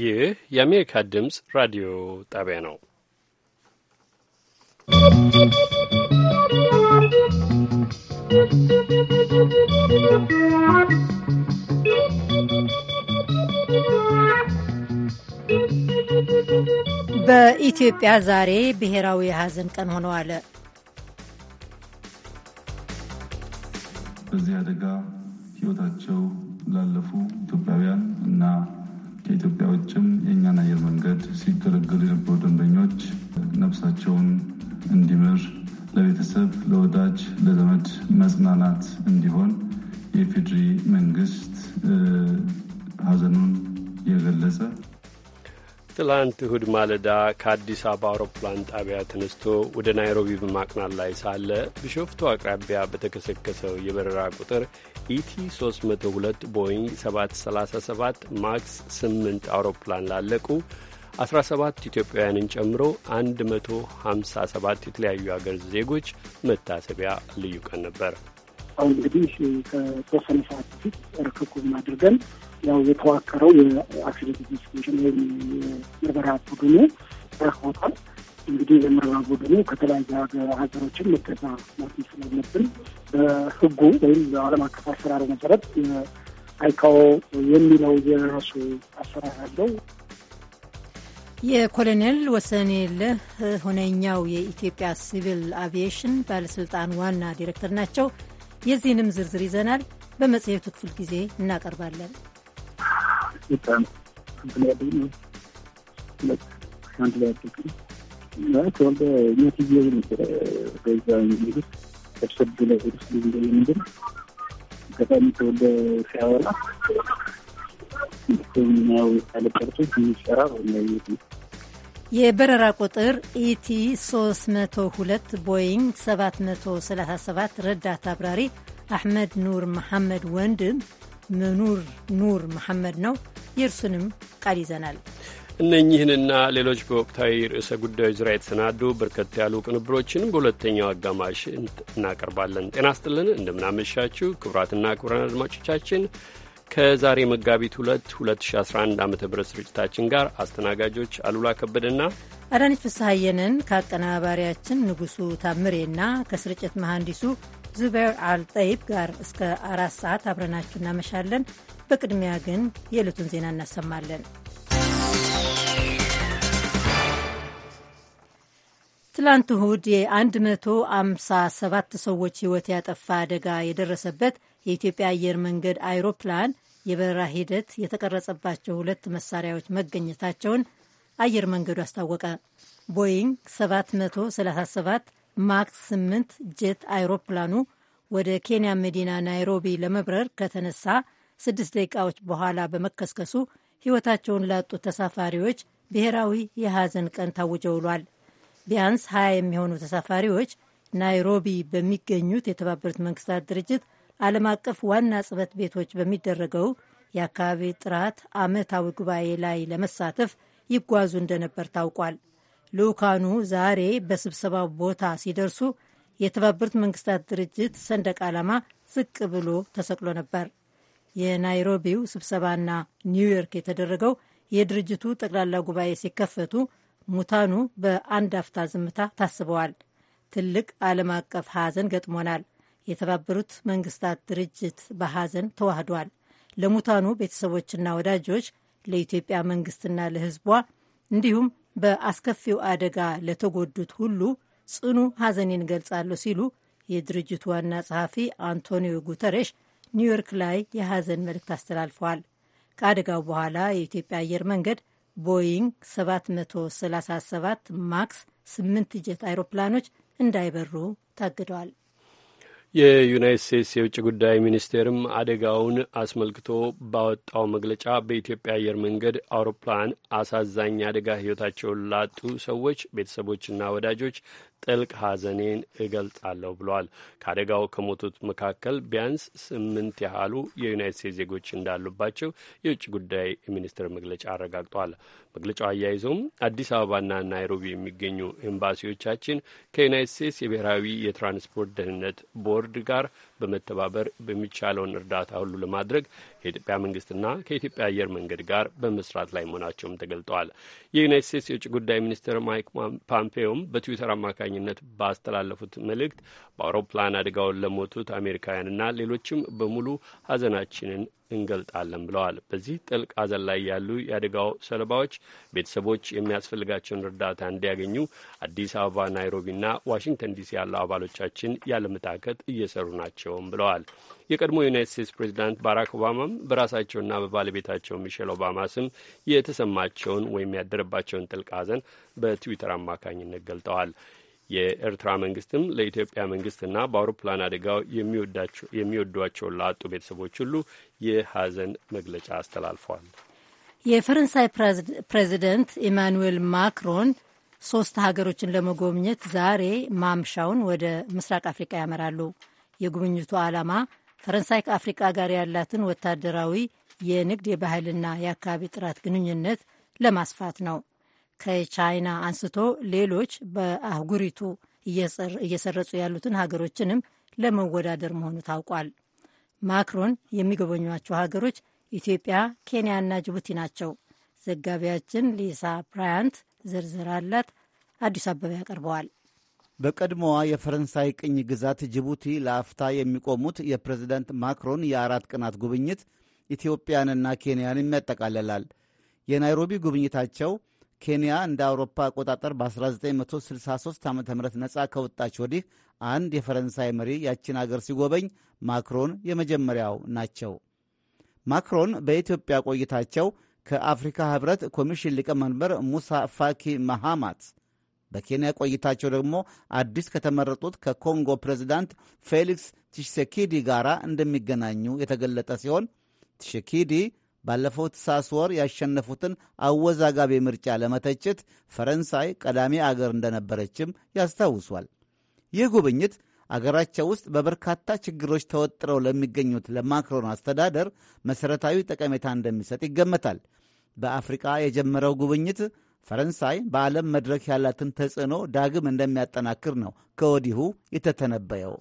ይህ የአሜሪካ ድምፅ ራዲዮ ጣቢያ ነው። በኢትዮጵያ ዛሬ ብሔራዊ የሐዘን ቀን ሆኖ አለ። በዚህ አደጋ ሕይወታቸው ላለፉ ኢትዮጵያውያን እና ከኢትዮጵያ ውጭም የእኛን አየር መንገድ ሲገለገሉ የነበሩ ደንበኞች ነፍሳቸውን እንዲምር ለቤተሰብ፣ ለወዳጅ፣ ለዘመድ መጽናናት እንዲሆን የፌዴሪ መንግስት ሀዘኑን የገለጸ ትላንት እሁድ ማለዳ ከአዲስ አበባ አውሮፕላን ጣቢያ ተነስቶ ወደ ናይሮቢ በማቅናት ላይ ሳለ ቢሾፍቱ አቅራቢያ በተከሰከሰው የበረራ ቁጥር ኢቲ 302 ቦይንግ 737 ማክስ 8 አውሮፕላን ላለቁ 17 ኢትዮጵያውያንን ጨምሮ 157 የተለያዩ አገር ዜጎች መታሰቢያ ልዩ ቀን ነበር። አሁን እንግዲህ ከተወሰነ ሰዓት በፊት ርክኩብ አድርገን ያው የተዋቀረው የአክሲደንት ኢንቨስቲጌሽን ወይም የምርመራ ቡድኑ ረክቦታል። እንግዲህ የምርመራ ቡድኑ ከተለያዩ ሀገሮችን መገዛ ማግኘት ስላለብን በህጉ ወይም በዓለም አቀፍ አሰራር መሰረት አይካኦ የሚለው የራሱ አሰራር አለው። የኮሎኔል ወሰንየለህ ሁነኛው የኢትዮጵያ ሲቪል አቪዬሽን ባለስልጣን ዋና ዲሬክተር ናቸው። የዚህንም ዝርዝር ይዘናል በመጽሔቱ ክፍል ጊዜ እናቀርባለን። የበረራ ቁጥር ኢቲ e 302 ቦይንግ 737 ረዳት አብራሪ አሕመድ ኑር መሐመድ ወንድም ምኑር ኑር መሐመድ ነው የእርሱንም ቃል ይዘናል። እነኚህንና ሌሎች በወቅታዊ ርዕሰ ጉዳዮች ዙሪያ የተሰናዱ በርከት ያሉ ቅንብሮችን በሁለተኛው አጋማሽ እናቀርባለን። ጤና ስጥልን፣ እንደምናመሻችሁ ክቡራትና ክቡራን አድማጮቻችን ከዛሬ መጋቢት 2 2011 ዓ ም ስርጭታችን ጋር አስተናጋጆች አሉላ ከበደና አዳነች ፍስሐየንን ከአቀናባሪያችን ንጉሱ ታምሬና ከስርጭት መሐንዲሱ ዙበር አልጠይብ ጋር እስከ አራት ሰዓት አብረናችሁ እናመሻለን። በቅድሚያ ግን የዕለቱን ዜና እናሰማለን። ትላንት እሁድ የ157 ሰዎች ሕይወት ያጠፋ አደጋ የደረሰበት የኢትዮጵያ አየር መንገድ አይሮፕላን የበረራ ሂደት የተቀረጸባቸው ሁለት መሳሪያዎች መገኘታቸውን አየር መንገዱ አስታወቀ። ቦይንግ 737 ማክስ 8 ጄት አይሮፕላኑ ወደ ኬንያ መዲና ናይሮቢ ለመብረር ከተነሳ ስድስት ደቂቃዎች በኋላ በመከስከሱ ሕይወታቸውን ላጡ ተሳፋሪዎች ብሔራዊ የሐዘን ቀን ታውጆ ውሏል። ቢያንስ 20 የሚሆኑ ተሳፋሪዎች ናይሮቢ በሚገኙት የተባበሩት መንግስታት ድርጅት ዓለም አቀፍ ዋና ጽሕፈት ቤቶች በሚደረገው የአካባቢ ጥራት ዓመታዊ ጉባኤ ላይ ለመሳተፍ ይጓዙ እንደነበር ታውቋል። ልዑካኑ ዛሬ በስብሰባው ቦታ ሲደርሱ የተባበሩት መንግስታት ድርጅት ሰንደቅ ዓላማ ዝቅ ብሎ ተሰቅሎ ነበር። የናይሮቢው ስብሰባና ኒውዮርክ የተደረገው የድርጅቱ ጠቅላላ ጉባኤ ሲከፈቱ ሙታኑ በአንድ አፍታ ዝምታ ታስበዋል። ትልቅ ዓለም አቀፍ ሐዘን ገጥሞናል። የተባበሩት መንግስታት ድርጅት በሐዘን ተዋህዷል። ለሙታኑ ቤተሰቦችና ወዳጆች፣ ለኢትዮጵያ መንግስትና ለሕዝቧ እንዲሁም በአስከፊው አደጋ ለተጎዱት ሁሉ ጽኑ ሐዘኔን እገልጻለሁ ሲሉ የድርጅቱ ዋና ጸሐፊ አንቶኒዮ ጉተሬሽ ኒውዮርክ ላይ የሐዘን መልእክት አስተላልፈዋል። ከአደጋው በኋላ የኢትዮጵያ አየር መንገድ ቦይንግ 737 ማክስ 8 ጀት አይሮፕላኖች እንዳይበሩ ታግደዋል። የዩናይት ስቴትስ የውጭ ጉዳይ ሚኒስቴርም አደጋውን አስመልክቶ ባወጣው መግለጫ በኢትዮጵያ አየር መንገድ አውሮፕላን አሳዛኝ አደጋ ሕይወታቸውን ላጡ ሰዎች ቤተሰቦችና ወዳጆች ጥልቅ ሐዘኔን እገልጻለሁ ብሏል። ከአደጋው ከሞቱት መካከል ቢያንስ ስምንት ያህሉ የዩናይት ስቴትስ ዜጎች እንዳሉባቸው የውጭ ጉዳይ ሚኒስቴር መግለጫ አረጋግጧል። መግለጫው አያይዞም አዲስ አበባና ናይሮቢ የሚገኙ ኤምባሲዎቻችን ከዩናይት ስቴትስ የብሔራዊ የትራንስፖርት ደህንነት ቦርድ ጋር በመተባበር በሚቻለውን እርዳታ ሁሉ ለማድረግ ከኢትዮጵያ መንግስትና ከኢትዮጵያ አየር መንገድ ጋር በመስራት ላይ መሆናቸውም ተገልጠዋል። የዩናይት ስቴትስ የውጭ ጉዳይ ሚኒስትር ማይክ ፓምፔዮም በትዊተር አማካኝነት ባስተላለፉት መልእክት በአውሮፕላን አደጋውን ለሞቱት አሜሪካውያንና ሌሎችም በሙሉ ሐዘናችንን እንገልጣለን ብለዋል። በዚህ ጥልቅ ሐዘን ላይ ያሉ የአደጋው ሰለባዎች ቤተሰቦች የሚያስፈልጋቸውን እርዳታ እንዲያገኙ አዲስ አበባ፣ ናይሮቢና ዋሽንግተን ዲሲ ያለው አባሎቻችን ያለመታከት እየሰሩ ናቸውም ብለዋል። የቀድሞ ዩናይት ስቴትስ ፕሬዚዳንት ባራክ ኦባማም በራሳቸውና በባለቤታቸው ሚሼል ኦባማ ስም የተሰማቸውን ወይም ያደረባቸውን ጥልቅ ሐዘን በትዊተር አማካኝነት ገልጠዋል። የኤርትራ መንግስትም ለኢትዮጵያ መንግስትና በአውሮፕላን አደጋው የሚወዷቸውን ላጡ ቤተሰቦች ሁሉ የሐዘን መግለጫ አስተላልፏል። የፈረንሳይ ፕሬዚደንት ኢማኑዌል ማክሮን ሶስት ሀገሮችን ለመጎብኘት ዛሬ ማምሻውን ወደ ምስራቅ አፍሪቃ ያመራሉ። የጉብኝቱ ዓላማ ፈረንሳይ ከአፍሪቃ ጋር ያላትን ወታደራዊ፣ የንግድ፣ የባህልና የአካባቢ ጥራት ግንኙነት ለማስፋት ነው። ከቻይና አንስቶ ሌሎች በአህጉሪቱ እየሰረጹ ያሉትን ሀገሮችንም ለመወዳደር መሆኑ ታውቋል። ማክሮን የሚጎበኟቸው ሀገሮች ኢትዮጵያ፣ ኬንያና ጅቡቲ ናቸው። ዘጋቢያችን ሊሳ ብራያንት ዝርዝር አላት። አዲስ አበባ ያቀርበዋል። በቀድሞዋ የፈረንሳይ ቅኝ ግዛት ጅቡቲ ለአፍታ የሚቆሙት የፕሬዚደንት ማክሮን የአራት ቀናት ጉብኝት ኢትዮጵያንና ኬንያን ያጠቃልላል። የናይሮቢ ጉብኝታቸው ኬንያ እንደ አውሮፓ አቆጣጠር በ1963 ዓ ም ነጻ ከወጣች ወዲህ አንድ የፈረንሳይ መሪ ያችን አገር ሲጎበኝ ማክሮን የመጀመሪያው ናቸው። ማክሮን በኢትዮጵያ ቆይታቸው ከአፍሪካ ህብረት ኮሚሽን ሊቀመንበር ሙሳ ፋኪ መሃማት፣ በኬንያ ቆይታቸው ደግሞ አዲስ ከተመረጡት ከኮንጎ ፕሬዚዳንት ፌሊክስ ቲሸኪዲ ጋር እንደሚገናኙ የተገለጠ ሲሆን ቲሸኪዲ ባለፈው ታህሳስ ወር ያሸነፉትን አወዛጋቢ ምርጫ ለመተችት ፈረንሳይ ቀዳሚ አገር እንደነበረችም ያስታውሷል። ይህ ጉብኝት አገራቸው ውስጥ በበርካታ ችግሮች ተወጥረው ለሚገኙት ለማክሮን አስተዳደር መሠረታዊ ጠቀሜታ እንደሚሰጥ ይገመታል። በአፍሪቃ የጀመረው ጉብኝት ፈረንሳይ በዓለም መድረክ ያላትን ተጽዕኖ ዳግም እንደሚያጠናክር ነው ከወዲሁ የተተነበየው።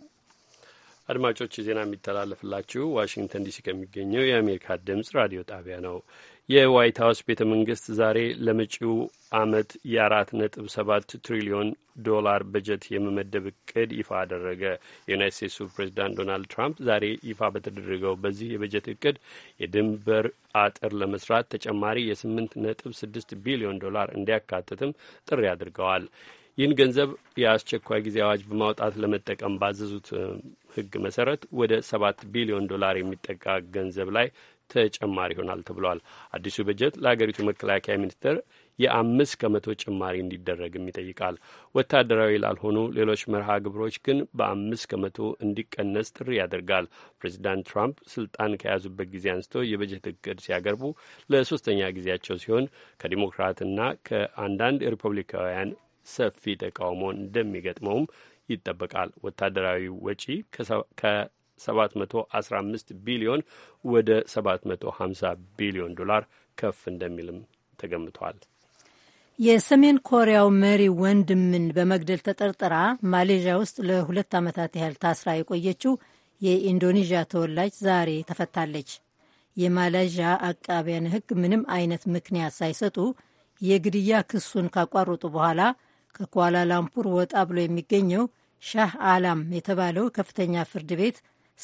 አድማጮች ዜና የሚተላለፍላችሁ ዋሽንግተን ዲሲ ከሚገኘው የአሜሪካ ድምጽ ራዲዮ ጣቢያ ነው። የዋይት ሀውስ ቤተ መንግስት ዛሬ ለመጪው አመት የአራት ነጥብ ሰባት ትሪሊዮን ዶላር በጀት የመመደብ እቅድ ይፋ አደረገ። የዩናይት ስቴትሱ ፕሬዚዳንት ዶናልድ ትራምፕ ዛሬ ይፋ በተደረገው በዚህ የበጀት እቅድ የድንበር አጥር ለመስራት ተጨማሪ የስምንት ነጥብ ስድስት ቢሊዮን ዶላር እንዲያካትትም ጥሪ አድርገዋል። ይህን ገንዘብ የአስቸኳይ ጊዜ አዋጅ በማውጣት ለመጠቀም ባዘዙት ሕግ መሰረት ወደ ሰባት ቢሊዮን ዶላር የሚጠጋ ገንዘብ ላይ ተጨማሪ ይሆናል ተብሏል። አዲሱ በጀት ለሀገሪቱ መከላከያ ሚኒስቴር የአምስት ከመቶ ጭማሪ እንዲደረግም ይጠይቃል። ወታደራዊ ላልሆኑ ሌሎች መርሃ ግብሮች ግን በአምስት ከመቶ እንዲቀነስ ጥሪ ያደርጋል። ፕሬዚዳንት ትራምፕ ስልጣን ከያዙበት ጊዜ አንስቶ የበጀት እቅድ ሲያቀርቡ ለሶስተኛ ጊዜያቸው ሲሆን ከዲሞክራትና ከአንዳንድ ሪፐብሊካውያን ሰፊ ተቃውሞ እንደሚገጥመውም ይጠበቃል። ወታደራዊ ወጪ ከ715 ቢሊዮን ወደ 750 ቢሊዮን ዶላር ከፍ እንደሚልም ተገምቷል። የሰሜን ኮሪያው መሪ ወንድምን በመግደል ተጠርጥራ ማሌዥያ ውስጥ ለሁለት ዓመታት ያህል ታስራ የቆየችው የኢንዶኔዥያ ተወላጅ ዛሬ ተፈታለች። የማሌዥያ አቃቢያን ሕግ ምንም አይነት ምክንያት ሳይሰጡ የግድያ ክሱን ካቋረጡ በኋላ ከኳላላምፑር ወጣ ብሎ የሚገኘው ሻህ አላም የተባለው ከፍተኛ ፍርድ ቤት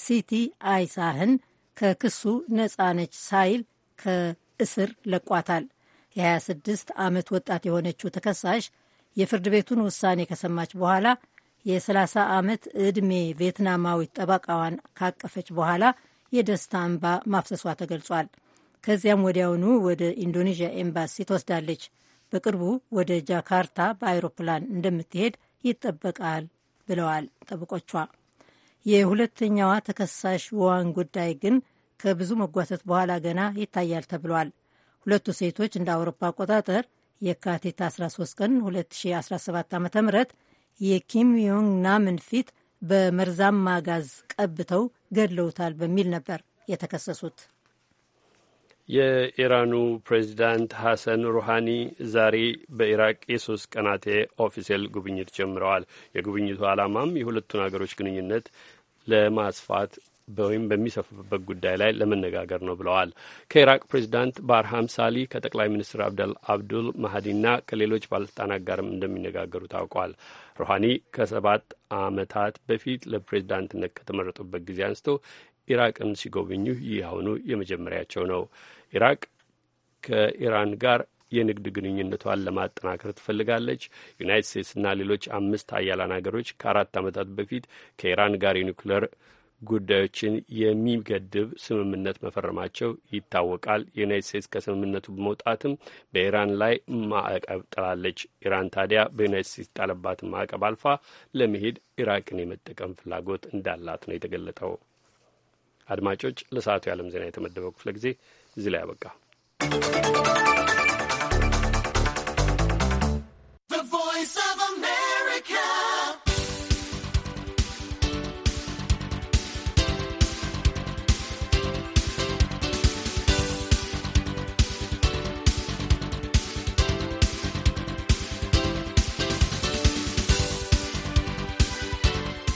ሲቲ አይሳህን ከክሱ ነፃ ነች ሳይል ከእስር ለቋታል። የ26 ዓመት ወጣት የሆነችው ተከሳሽ የፍርድ ቤቱን ውሳኔ ከሰማች በኋላ የ30 ዓመት ዕድሜ ቪየትናማዊት ጠበቃዋን ካቀፈች በኋላ የደስታ እንባ ማፍሰሷ ተገልጿል። ከዚያም ወዲያውኑ ወደ ኢንዶኔዥያ ኤምባሲ ትወስዳለች። በቅርቡ ወደ ጃካርታ በአይሮፕላን እንደምትሄድ ይጠበቃል ብለዋል ጠበቆቿ። የሁለተኛዋ ተከሳሽ ዋን ጉዳይ ግን ከብዙ መጓተት በኋላ ገና ይታያል ተብሏል። ሁለቱ ሴቶች እንደ አውሮፓ አቆጣጠር የካቲት 13 ቀን 2017 ዓ ም የኪም ዮንግ ናምን ፊት በመርዛማ ጋዝ ቀብተው ገድለውታል በሚል ነበር የተከሰሱት። የኢራኑ ፕሬዚዳንት ሐሰን ሩሃኒ ዛሬ በኢራቅ የሶስት ቀናት ኦፊሴል ጉብኝት ጀምረዋል። የጉብኝቱ ዓላማም የሁለቱን አገሮች ግንኙነት ለማስፋት ወይም በሚሰፍበት ጉዳይ ላይ ለመነጋገር ነው ብለዋል። ከኢራቅ ፕሬዚዳንት ባርሃም ሳሊ ከጠቅላይ ሚኒስትር አብደል አብዱል ማህዲና ከሌሎች ባለስልጣናት ጋርም እንደሚነጋገሩ ታውቋል። ሩሃኒ ከሰባት ዓመታት በፊት ለፕሬዚዳንትነት ከተመረጡበት ጊዜ አንስቶ ኢራቅን ሲጎበኙ ይህ አሁኑ የመጀመሪያቸው ነው። ኢራቅ ከኢራን ጋር የንግድ ግንኙነቷን ለማጠናከር ትፈልጋለች። ዩናይት ስቴትስና ሌሎች አምስት አያላን ሀገሮች ከአራት ዓመታት በፊት ከኢራን ጋር የኒውክሌር ጉዳዮችን የሚገድብ ስምምነት መፈረማቸው ይታወቃል። የዩናይት ስቴትስ ከስምምነቱ በመውጣትም በኢራን ላይ ማዕቀብ ጥላለች። ኢራን ታዲያ በዩናይት ስቴትስ ጣለባት ማዕቀብ አልፋ ለመሄድ ኢራቅን የመጠቀም ፍላጎት እንዳላት ነው የተገለጠው። አድማጮች፣ ለሰዓቱ የዓለም ዜና የተመደበው ክፍለ ጊዜ እዚህ ላይ አበቃ።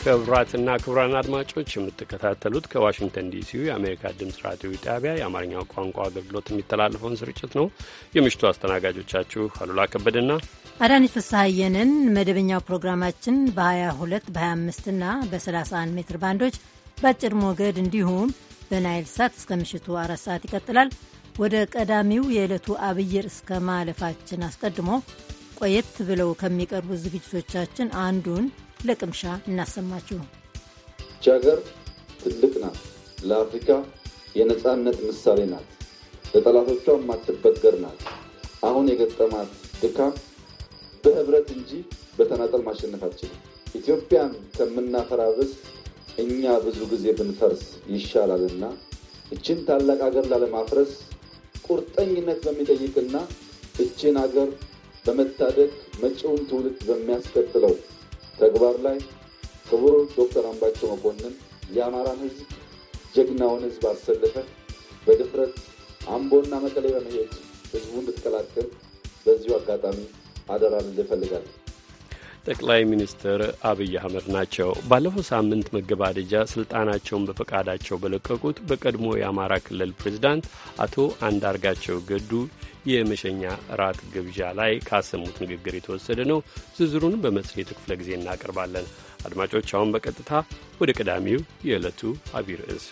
ክቡራትና ክቡራን አድማጮች የምትከታተሉት ከዋሽንግተን ዲሲ የአሜሪካ ድምፅ ራዲዮ ጣቢያ የአማርኛው ቋንቋ አገልግሎት የሚተላለፈውን ስርጭት ነው። የምሽቱ አስተናጋጆቻችሁ አሉላ ከበድና አዳነች ፍስሐየንን። መደበኛው ፕሮግራማችን በ22 በ25 እና በ31 ሜትር ባንዶች በአጭር ሞገድ እንዲሁም በናይል ሳት እስከ ምሽቱ አራት ሰዓት ይቀጥላል። ወደ ቀዳሚው የዕለቱ አብይ ርዕስ እስከ ማለፋችን አስቀድሞ ቆየት ብለው ከሚቀርቡ ዝግጅቶቻችን አንዱን ለቅምሻ እናሰማችሁ። ይቺ ሀገር ትልቅ ናት። ለአፍሪካ የነፃነት ምሳሌ ናት። ለጠላቶቿ የማትበገር ናት። አሁን የገጠማት ድካም በህብረት እንጂ በተናጠል ማሸነፍ አችልም። ኢትዮጵያን ከምናፈራብስ እኛ ብዙ ጊዜ ብንፈርስ ይሻላልና እችን ታላቅ ሀገር ላለማፍረስ ቁርጠኝነት በሚጠይቅና እችን ሀገር በመታደግ መጪውን ትውልድ በሚያስቀጥለው ተግባር ላይ ክቡር ዶክተር አምባቸው መኮንን የአማራን ህዝብ ጀግናውን ህዝብ አሰልፈ በድፍረት አምቦና መቀሌ በመሄድ ህዝቡ እንድትቀላቀል በዚሁ አጋጣሚ አደራ ልፈልጋለሁ። ጠቅላይ ሚኒስትር አብይ አህመድ ናቸው። ባለፈው ሳምንት መገባደጃ ስልጣናቸውን በፈቃዳቸው በለቀቁት በቀድሞ የአማራ ክልል ፕሬዚዳንት አቶ አንዳርጋቸው ገዱ የመሸኛ ራት ግብዣ ላይ ካሰሙት ንግግር የተወሰደ ነው። ዝርዝሩን በመጽሔቱ ክፍለ ጊዜ እናቀርባለን። አድማጮች፣ አሁን በቀጥታ ወደ ቀዳሚው የዕለቱ አቢይ ርዕስ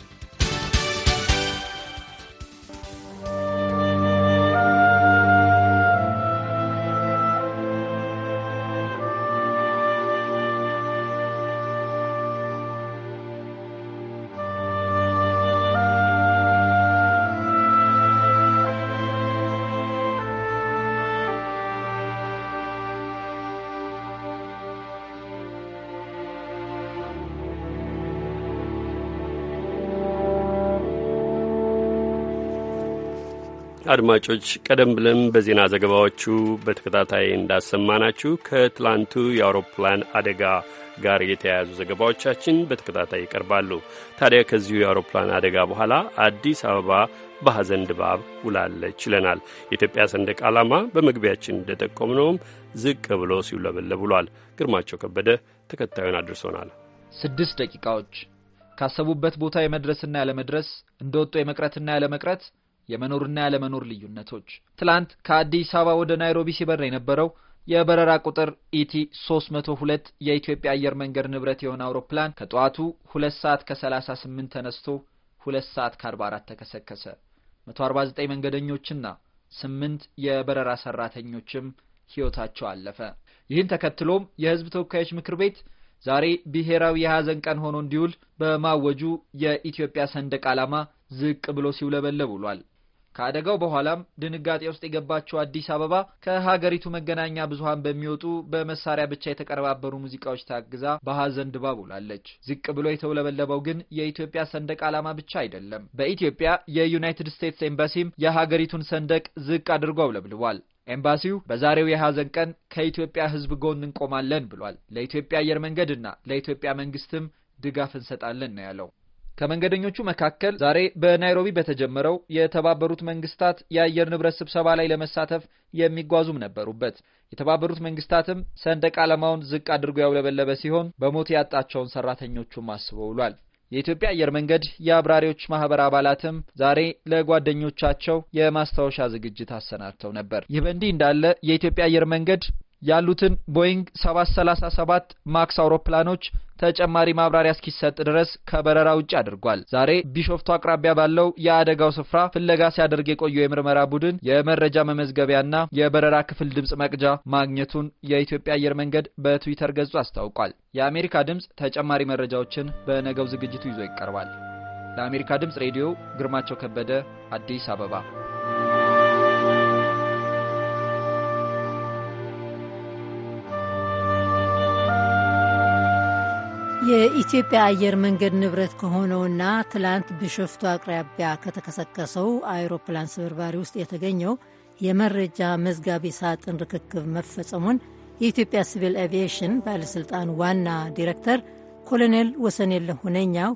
አድማጮች ቀደም ብለን በዜና ዘገባዎቹ በተከታታይ እንዳሰማናችሁ ከትላንቱ የአውሮፕላን አደጋ ጋር የተያያዙ ዘገባዎቻችን በተከታታይ ይቀርባሉ። ታዲያ ከዚሁ የአውሮፕላን አደጋ በኋላ አዲስ አበባ በሐዘን ድባብ ውላለች ይለናል። የኢትዮጵያ ሰንደቅ ዓላማ በመግቢያችን እንደጠቆምነውም ዝቅ ብሎ ሲውለበለብ ውሏል። ግርማቸው ከበደ ተከታዩን አድርሶናል። ስድስት ደቂቃዎች ካሰቡበት ቦታ የመድረስና ያለመድረስ እንደወጡ የመቅረትና ያለመቅረት የመኖርና ያለመኖር ልዩነቶች። ትላንት ከአዲስ አበባ ወደ ናይሮቢ ሲበር የነበረው የበረራ ቁጥር ኢቲ 302 የኢትዮጵያ አየር መንገድ ንብረት የሆነ አውሮፕላን ከጠዋቱ 2 ሰዓት ከ38 ተነስቶ 2 ሰዓት ከ44 ተከሰከሰ። 149 መንገደኞችና 8 የበረራ ሰራተኞችም ሕይወታቸው አለፈ። ይህን ተከትሎም የሕዝብ ተወካዮች ምክር ቤት ዛሬ ብሔራዊ የሐዘን ቀን ሆኖ እንዲውል በማወጁ የኢትዮጵያ ሰንደቅ ዓላማ ዝቅ ብሎ ሲውለበለብ ውሏል። ከአደጋው በኋላም ድንጋጤ ውስጥ የገባቸው አዲስ አበባ ከሀገሪቱ መገናኛ ብዙኃን በሚወጡ በመሳሪያ ብቻ የተቀነባበሩ ሙዚቃዎች ታግዛ በሀዘን ድባብ ውላለች። ዝቅ ብሎ የተውለበለበው ግን የኢትዮጵያ ሰንደቅ ዓላማ ብቻ አይደለም። በኢትዮጵያ የዩናይትድ ስቴትስ ኤምባሲም የሀገሪቱን ሰንደቅ ዝቅ አድርጎ አውለብልቧል። ኤምባሲው በዛሬው የሀዘን ቀን ከኢትዮጵያ ሕዝብ ጎን እንቆማለን ብሏል። ለኢትዮጵያ አየር መንገድና ለኢትዮጵያ መንግስትም ድጋፍ እንሰጣለን ነው ያለው። ከመንገደኞቹ መካከል ዛሬ በናይሮቢ በተጀመረው የተባበሩት መንግስታት የአየር ንብረት ስብሰባ ላይ ለመሳተፍ የሚጓዙም ነበሩበት። የተባበሩት መንግስታትም ሰንደቅ ዓላማውን ዝቅ አድርጎ ያውለበለበ ሲሆን በሞት ያጣቸውን ሰራተኞቹም አስቦ ውሏል። የኢትዮጵያ አየር መንገድ የአብራሪዎች ማህበር አባላትም ዛሬ ለጓደኞቻቸው የማስታወሻ ዝግጅት አሰናድተው ነበር። ይህ በእንዲህ እንዳለ የኢትዮጵያ አየር መንገድ ያሉትን ቦይንግ 737 ማክስ አውሮፕላኖች ተጨማሪ ማብራሪያ እስኪሰጥ ድረስ ከበረራ ውጭ አድርጓል። ዛሬ ቢሾፍቱ አቅራቢያ ባለው የአደጋው ስፍራ ፍለጋ ሲያደርግ የቆየው የምርመራ ቡድን የመረጃ መመዝገቢያና የበረራ ክፍል ድምፅ መቅጃ ማግኘቱን የኢትዮጵያ አየር መንገድ በትዊተር ገጹ አስታውቋል። የአሜሪካ ድምፅ ተጨማሪ መረጃዎችን በነገው ዝግጅቱ ይዞ ይቀርባል። ለአሜሪካ ድምፅ ሬዲዮ ግርማቸው ከበደ አዲስ አበባ የኢትዮጵያ አየር መንገድ ንብረት ከሆነውና ትላንት ቢሾፍቱ አቅራቢያ ከተከሰከሰው አውሮፕላን ስብርባሪ ውስጥ የተገኘው የመረጃ መዝጋቢ ሳጥን ርክክብ መፈጸሙን የኢትዮጵያ ሲቪል አቪዬሽን ባለሥልጣን ዋና ዲሬክተር ኮሎኔል ወሰኔለ ሁነኛው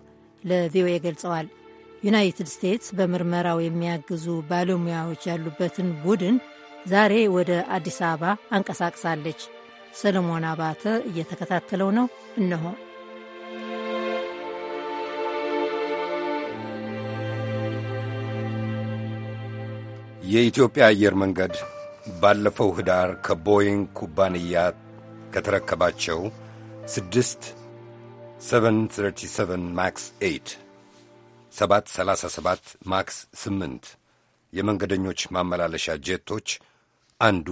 ለቪኦኤ ገልጸዋል። ዩናይትድ ስቴትስ በምርመራው የሚያግዙ ባለሙያዎች ያሉበትን ቡድን ዛሬ ወደ አዲስ አበባ አንቀሳቅሳለች። ሰለሞን አባተ እየተከታተለው ነው። እነሆ የኢትዮጵያ አየር መንገድ ባለፈው ኅዳር ከቦይንግ ኩባንያ ከተረከባቸው ስድስት 737 ማክስ 8 737 ማክስ 8 የመንገደኞች ማመላለሻ ጄቶች አንዱ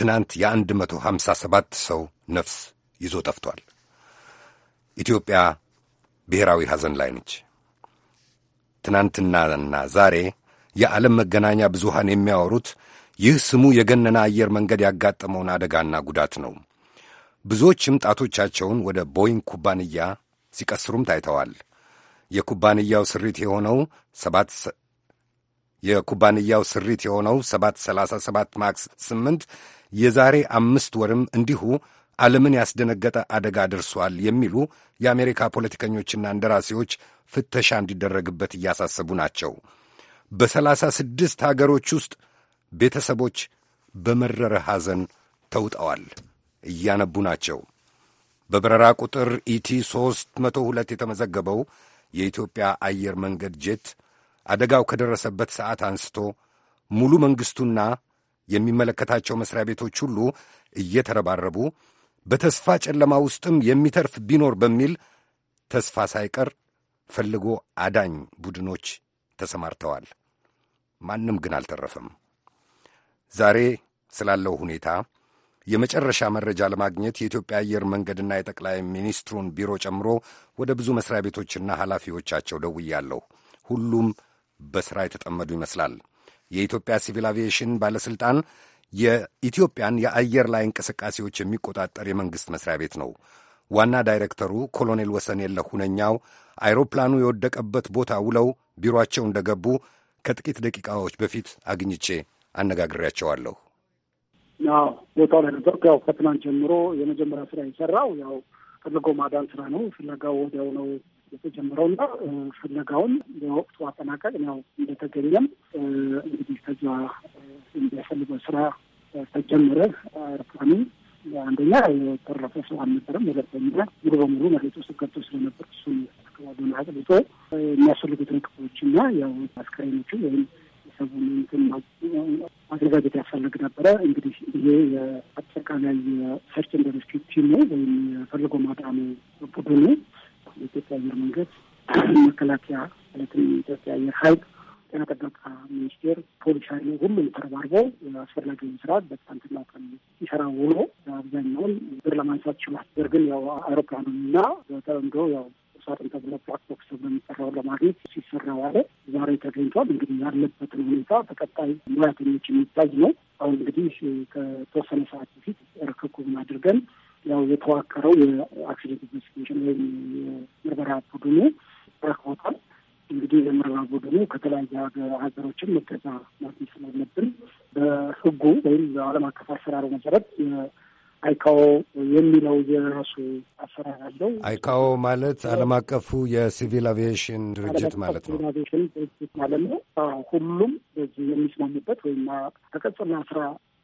ትናንት የ157 ሰው ነፍስ ይዞ ጠፍቷል። ኢትዮጵያ ብሔራዊ ሐዘን ላይ ነች። ትናንትናና ዛሬ የዓለም መገናኛ ብዙሃን የሚያወሩት ይህ ስሙ የገነና አየር መንገድ ያጋጠመውን አደጋና ጉዳት ነው። ብዙዎችም ጣቶቻቸውን ወደ ቦይንግ ኩባንያ ሲቀስሩም ታይተዋል። የኩባንያው ስሪት የሆነው ሰባት የኩባንያው ስሪት የሆነው 737 ማክስ 8 የዛሬ አምስት ወርም እንዲሁ ዓለምን ያስደነገጠ አደጋ ደርሷል የሚሉ የአሜሪካ ፖለቲከኞችና እንደራሴዎች ፍተሻ እንዲደረግበት እያሳሰቡ ናቸው። በሰላሳ ስድስት አገሮች ውስጥ ቤተሰቦች በመረረ ሐዘን ተውጠዋል። እያነቡ ናቸው። በበረራ ቁጥር ኢቲ 302 የተመዘገበው የኢትዮጵያ አየር መንገድ ጄት አደጋው ከደረሰበት ሰዓት አንስቶ ሙሉ መንግሥቱና የሚመለከታቸው መሥሪያ ቤቶች ሁሉ እየተረባረቡ በተስፋ ጨለማ ውስጥም የሚተርፍ ቢኖር በሚል ተስፋ ሳይቀር ፈልጎ አዳኝ ቡድኖች ተሰማርተዋል። ማንም ግን አልተረፈም። ዛሬ ስላለው ሁኔታ የመጨረሻ መረጃ ለማግኘት የኢትዮጵያ አየር መንገድና የጠቅላይ ሚኒስትሩን ቢሮ ጨምሮ ወደ ብዙ መስሪያ ቤቶችና ኃላፊዎቻቸው ደውያለሁ። ሁሉም በሥራ የተጠመዱ ይመስላል። የኢትዮጵያ ሲቪል አቪዬሽን ባለሥልጣን የኢትዮጵያን የአየር ላይ እንቅስቃሴዎች የሚቆጣጠር የመንግሥት መስሪያ ቤት ነው። ዋና ዳይሬክተሩ ኮሎኔል ወሰን የለ ሁነኛው አይሮፕላኑ የወደቀበት ቦታ ውለው ቢሮአቸው እንደገቡ ከጥቂት ደቂቃዎች በፊት አግኝቼ አነጋግሬያቸዋለሁ። ቦታው ላይ ነበር። ያው ከትናንት ጀምሮ የመጀመሪያ ስራ የሰራው ያው ፈልጎ ማዳን ስራ ነው። ፍለጋው ወዲያው ነው የተጀመረውና ፍለጋውን በወቅቱ አጠናቀቅ ያው እንደተገኘም እንግዲህ ከዚያ የሚያስፈልገው ስራ ተጀመረ። አርፋኑ አንደኛ የተረፈ ሰው አልነበረም። ሁለተኛ ሙሉ በሙሉ መሬት ውስጥ ገብቶ ስለነበር እሱን አካባቢውን አጥልቶ የሚያስፈልጉትን ክፍሎችና ያው አስከሬኖቹ ወይም የሰቡን እንትን ማዘጋጀት ያስፈልግ ነበረ። እንግዲህ ይሄ የአጠቃላይ የሰርች ኤንድ ሬስኪው ቲሙ ወይም የፈልጎ ማዳኑ ቡድኑ የኢትዮጵያ አየር መንገድ፣ መከላከያ ማለትም የኢትዮጵያ አየር ኃይል ጤና ጥበቃ ሚኒስቴር፣ ፖሊስ ሁሉም ተረባርበው አስፈላጊውን ስራ በትናንትናው ቀን ይሰራ ውሎ አብዛኛውን ብር ለማንሳት ችሏል። ነገር ግን ያው አውሮፕላኑና በተለምዶ ያው ሳጥን ተብሎ ብላክ ቦክስ በሚጠራውን ለማግኘት ሲሰራ ዋለ። ዛሬ ተገኝቷል። እንግዲህ ያለበትን ሁኔታ ተቀጣይ ሙያተኞች የሚታይ ነው። አሁን እንግዲህ ከተወሰነ ሰዓት በፊት ርክኩብን አድርገን ያው የተዋቀረው የአክሲደንት ኢንቨስቲጌሽን ወይም የምርመራ ቡድኑ ረክቦታል። እንግዲህ የምርመራ ቡድኑ ከተለያየ ሀገሮችን መገዛ ማግኘት ስላለብን በህጉ ወይም በዓለም አቀፍ አሰራሩ መሰረት አይካኦ የሚለው የራሱ አሰራር አለው። አይካኦ ማለት ዓለም አቀፉ የሲቪል አቪዬሽን ድርጅት ማለት ነው። አቪዬሽን ድርጅት ማለት ነው። ሁሉም በዚህ የሚስማሙበት ወይም ተቀጽላ አስራ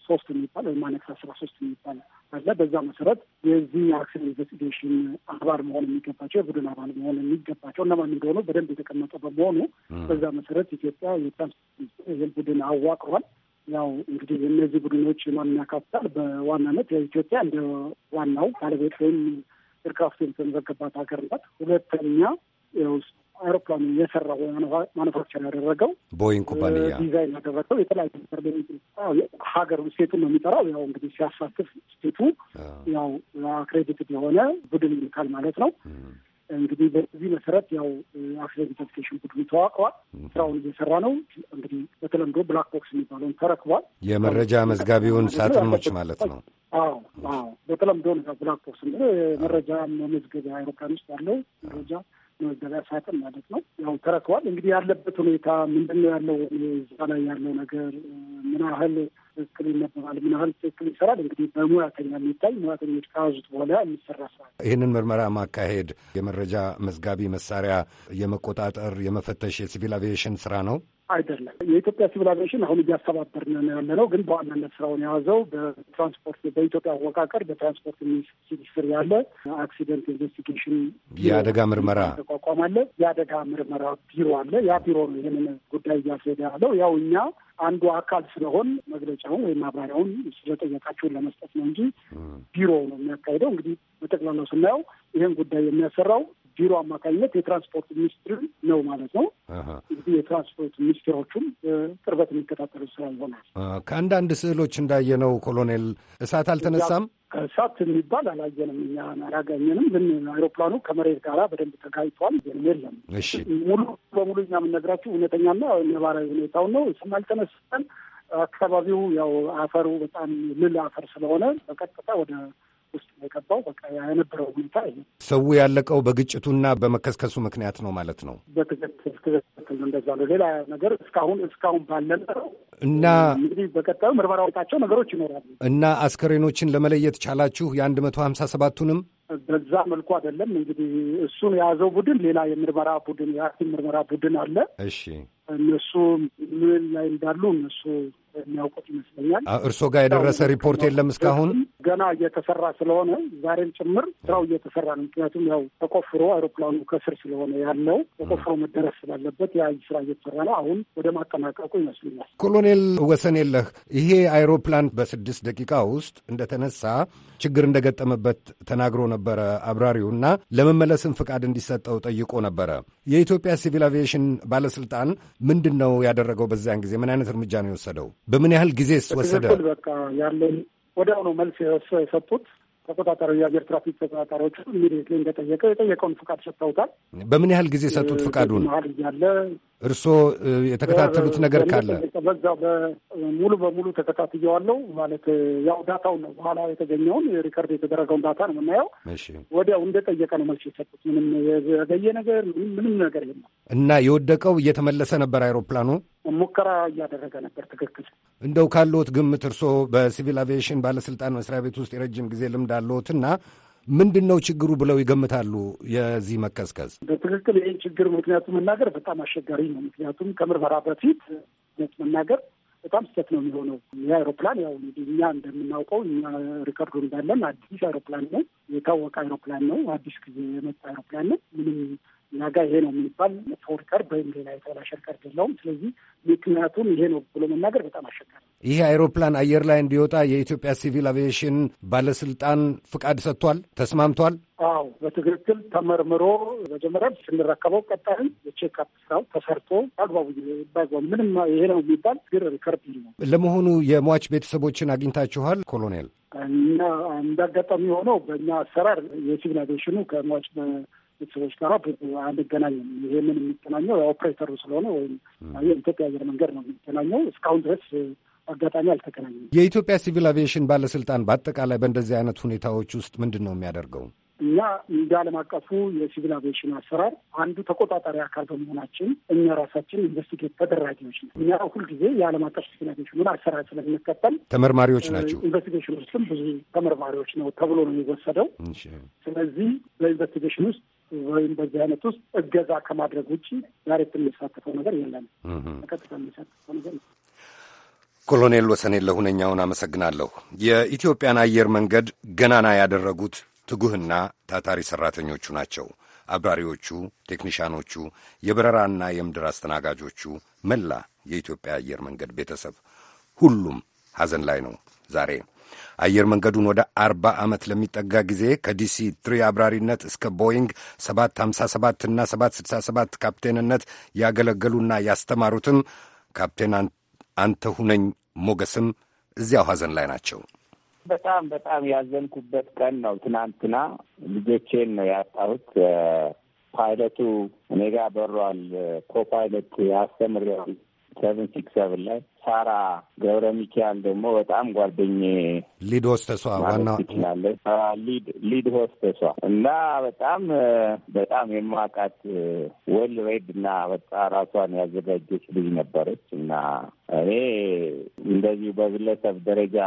ሶስት የሚባል ወይም አነክስ አስራ ሶስት የሚባል አለ። በዛ መሰረት የዚህ አክሽን ኢንቨስቲጌሽን አባል መሆን የሚገባቸው የቡድን አባል መሆን የሚገባቸው እነማን እንደሆኑ በደንብ የተቀመጠ በመሆኑ በዛ መሰረት ኢትዮጵያ ቡድን አዋቅሯል። ያው እንግዲህ እነዚህ ቡድኖች የማንን ያካትታል? በዋናነት ኢትዮጵያ እንደ ዋናው ባለቤት ወይም ኤርክራፍት የተመዘገባት ሀገር ናት። ሁለተኛ ውስጥ አውሮፕላኑ የሰራው ማኑፋክቸር ያደረገው ቦይንግ ኩባንያ ዲዛይን ያደረገው የተለያዩ ሀገር ስቴቱን ነው የሚጠራው። ያው እንግዲህ ሲያሳትፍ ስቴቱ ያው አክሬዲትድ የሆነ ቡድን ይልካል ማለት ነው። እንግዲህ በዚህ መሰረት ያው አክሲደንት ኢንቨስቲጌሽን ቡድኑ ተዋቅሯል። ስራውን እየሰራ ነው። እንግዲህ በተለምዶ ብላክ ቦክስ የሚባለውን ተረክቧል። የመረጃ መዝጋቢውን ሳጥኖች ማለት ነው። አዎ አዎ፣ በተለምዶ ብላክ ቦክስ የመረጃ መመዝገቢያ አውሮፕላን ውስጥ ያለው መረጃ መገበያ ሳጥን ማለት ነው። ያው ተረክቧል። እንግዲህ ያለበት ሁኔታ ምንድን ነው ያለው እዛ ላይ ያለው ነገር ምን ያህል ትክክል ይነበባል፣ ምን ያህል ትክክል ይሰራል፣ እንግዲህ በሙያተኛ የሚታይ ሙያተኞች ከያዙት በኋላ የሚሰራ ስራ። ይህንን ምርመራ ማካሄድ የመረጃ መዝጋቢ መሳሪያ የመቆጣጠር የመፈተሽ የሲቪል አቪዬሽን ስራ ነው። አይደለም። የኢትዮጵያ ሲቪል አቪዬሽን አሁን እያስተባበርን ነው ያለነው፣ ግን በዋናነት ስራውን የያዘው በትራንስፖርት በኢትዮጵያ አወቃቀር በትራንስፖርት ሚኒስትር ያለ አክሲደንት ኢንቨስቲጌሽን የአደጋ ምርመራ ተቋቋም አለ። የአደጋ ምርመራ ቢሮ አለ። ያ ቢሮ ነው ይህንን ጉዳይ እያስሄደ ያለው። ያው እኛ አንዱ አካል ስለሆን መግለጫውን ወይም ማብራሪያውን ስለጠየቃችሁን ለመስጠት ነው እንጂ ቢሮ ነው የሚያካሄደው። እንግዲህ በጠቅላላው ስናየው ይህን ጉዳይ የሚያሰራው ቢሮ አማካኝነት የትራንስፖርት ሚኒስትር ነው ማለት ነው። እንግዲህ የትራንስፖርት ሚኒስትሮቹም ቅርበት የሚከታተሉ ስራ ይሆናል። ከአንዳንድ ስዕሎች እንዳየነው ኮሎኔል እሳት አልተነሳም። እሳት የሚባል አላየንም፣ እኛ አላገኘንም። ግን አይሮፕላኑ ከመሬት ጋር በደንብ ተጋይቷል። የለም ሙሉ በሙሉ እኛ የምንነግራችሁ እውነተኛና ነባራዊ ሁኔታውን ነው። እሱም አልተነሳም። አካባቢው ያው አፈሩ በጣም ልል አፈር ስለሆነ በቀጥታ ወደ ውስጥ የገባው። በቃ የነበረው ሁኔታ ይሄ ሰው ያለቀው በግጭቱና በመከስከሱ ምክንያት ነው ማለት ነው። በትክክል እንደዛ ነው። ሌላ ነገር እስካሁን እስካሁን ባለ እና እንግዲህ በቀጣዩ ምርመራ ወጣቸው ነገሮች ይኖራሉ እና አስከሬኖችን ለመለየት ቻላችሁ የአንድ መቶ ሀምሳ ሰባቱንም በዛ መልኩ አይደለም እንግዲህ እሱን የያዘው ቡድን ሌላ የምርመራ ቡድን የአክቲቭ ምርመራ ቡድን አለ። እሺ እነሱ ምን ላይ እንዳሉ እነሱ የሚያውቁት ይመስለኛል። እርስዎ ጋር የደረሰ ሪፖርት የለም እስካሁን? ገና እየተሰራ ስለሆነ ዛሬም ጭምር ስራው እየተሰራ ነው። ምክንያቱም ያው ተቆፍሮ አይሮፕላኑ ከስር ስለሆነ ያለው ተቆፍሮ መደረስ ስላለበት ያ ስራ እየተሰራ ነው። አሁን ወደ ማጠናቀቁ ይመስለኛል። ኮሎኔል ወሰን የለህ ይሄ አይሮፕላን በስድስት ደቂቃ ውስጥ እንደተነሳ ችግር እንደገጠመበት ተናግሮ ነበረ አብራሪው እና ለመመለስም ፍቃድ እንዲሰጠው ጠይቆ ነበረ። የኢትዮጵያ ሲቪል አቪዬሽን ባለስልጣን ምንድን ነው ያደረገው? በዚያን ጊዜ ምን አይነት እርምጃ ነው የወሰደው? በምን ያህል ጊዜ ስወሰደ? በቃ ያለን ወዲያው ነው መልስ የሰጡት ተቆጣጣሪ የአየር ትራፊክ ተቆጣጣሪዎቹ ኢሚዲየትሊ እንደጠየቀ የጠየቀውን ፍቃድ ሰጥተውታል። በምን ያህል ጊዜ ሰጡት ፍቃዱን? መሀል እያለ እርስዎ የተከታተሉት ነገር ካለ? በዛ ሙሉ በሙሉ ተከታትየዋለሁ። ማለት ያው ዳታውን ነው በኋላ የተገኘውን ሪከርድ የተደረገውን ዳታ ነው የምናየው። ወዲያው እንደጠየቀ ነው መልስ የሰጡት። ምንም የዘገየ ነገር ምንም ነገር የለም። እና የወደቀው እየተመለሰ ነበር አይሮፕላኑ ሙከራ እያደረገ ነበር። ትክክል። እንደው ካለዎት ግምት እርስዎ በሲቪል አቪዬሽን ባለስልጣን መስሪያ ቤት ውስጥ የረጅም ጊዜ ልምድ አለዎትና ምንድን ነው ችግሩ ብለው ይገምታሉ? የዚህ መቀዝቀዝ በትክክል ይህን ችግር ምክንያቱ መናገር በጣም አስቸጋሪ ነው። ምክንያቱም ከምርመራ በፊት መናገር በጣም ስህተት ነው የሚሆነው። ይህ አይሮፕላን ያው እንግዲህ እኛ እንደምናውቀው እኛ ሪከርዱ እንዳለን አዲስ አይሮፕላን ነው፣ የታወቀ አይሮፕላን ነው፣ አዲስ ጊዜ የመጣ አይሮፕላን ነው። ምንም እኛ ይሄ ነው የሚባል መጥፎ ሪከርድ ወይም ሌላ የተበላሸ ሪከርድ የለውም። ስለዚህ ምክንያቱም ይሄ ነው ብሎ መናገር በጣም አስቸጋሪ። ይህ አይሮፕላን አየር ላይ እንዲወጣ የኢትዮጵያ ሲቪል አቪዬሽን ባለስልጣን ፍቃድ ሰጥቷል፣ ተስማምቷል። አዎ በትክክል ተመርምሮ መጀመሪያ ስንረከበው ቀጣይም የቼክ አፕ ስራው ተሰርቶ አግባቡ ባይጓል ምንም ይሄ ነው የሚባል ግን ሪከርድ ነው። ለመሆኑ የሟች ቤተሰቦችን አግኝታችኋል ኮሎኔል? እና እንዳጋጣሚ የሆነው በእኛ አሰራር የሲቪል አቪዬሽኑ ከሟች ቤተሰቦች ጋር አንገናኝም። ይሄንን የሚገናኘው ኦፕሬተሩ ስለሆነ ወይም የኢትዮጵያ አየር መንገድ ነው የሚገናኘው። እስካሁን ድረስ አጋጣሚ አልተገናኘም። የኢትዮጵያ ሲቪል አቪዬሽን ባለስልጣን በአጠቃላይ በእንደዚህ አይነት ሁኔታዎች ውስጥ ምንድን ነው የሚያደርገው? እኛ እንደ ዓለም አቀፉ የሲቪል አቪዬሽን አሰራር አንዱ ተቆጣጣሪ አካል በመሆናችን እኛ ራሳችን ኢንቨስቲጌት ተደራጊዎች ነው። እኛ ሁልጊዜ የዓለም አቀፍ ሲቪል አቪዬሽኑን አሰራር ስለምንከተል ተመርማሪዎች ናቸው። ኢንቨስቲጌሽን ውስጥም ብዙ ተመርማሪዎች ነው ተብሎ ነው የሚወሰደው። ስለዚህ በኢንቨስቲጌሽን ውስጥ ወይም በዚህ አይነት ውስጥ እገዛ ከማድረግ ውጭ ዳይሬክት የሚሳተፈው ነገር የለም። በቀጥታ የሚሳተፈው ነገር ኮሎኔል ወሰንየለህ ለሁነኛውን አመሰግናለሁ። የኢትዮጵያን አየር መንገድ ገናና ያደረጉት ትጉህና ታታሪ ሠራተኞቹ ናቸው። አብራሪዎቹ፣ ቴክኒሽያኖቹ፣ የበረራና የምድር አስተናጋጆቹ፣ መላ የኢትዮጵያ አየር መንገድ ቤተሰብ ሁሉም ሐዘን ላይ ነው ዛሬ። አየር መንገዱን ወደ አርባ ዓመት ለሚጠጋ ጊዜ ከዲሲ ትሪ አብራሪነት እስከ ቦይንግ 757 እና 767 ካፕቴንነት ያገለገሉና ያስተማሩትም ካፕቴን አንተ ሁነኝ ሞገስም እዚያው ሐዘን ላይ ናቸው። በጣም በጣም ያዘንኩበት ቀን ነው ትናንትና። ልጆቼን ነው ያጣሁት። ፓይለቱ እኔ ጋር በሯል። ኮፓይለት አስተምሬዋል ሰቨን ሲክስ ሰቨን ላይ ሳራ ገብረ ሚካኤል ደግሞ በጣም ጓደኛ ሊድ ሆስተሷ ዋና ትችላለች። ሊድ ሆስተሷ እና በጣም በጣም የማውቃት ወል ሬድ እና በቃ ራሷን ያዘጋጀች ልጅ ነበረች እና እኔ እንደዚሁ በግለሰብ ደረጃ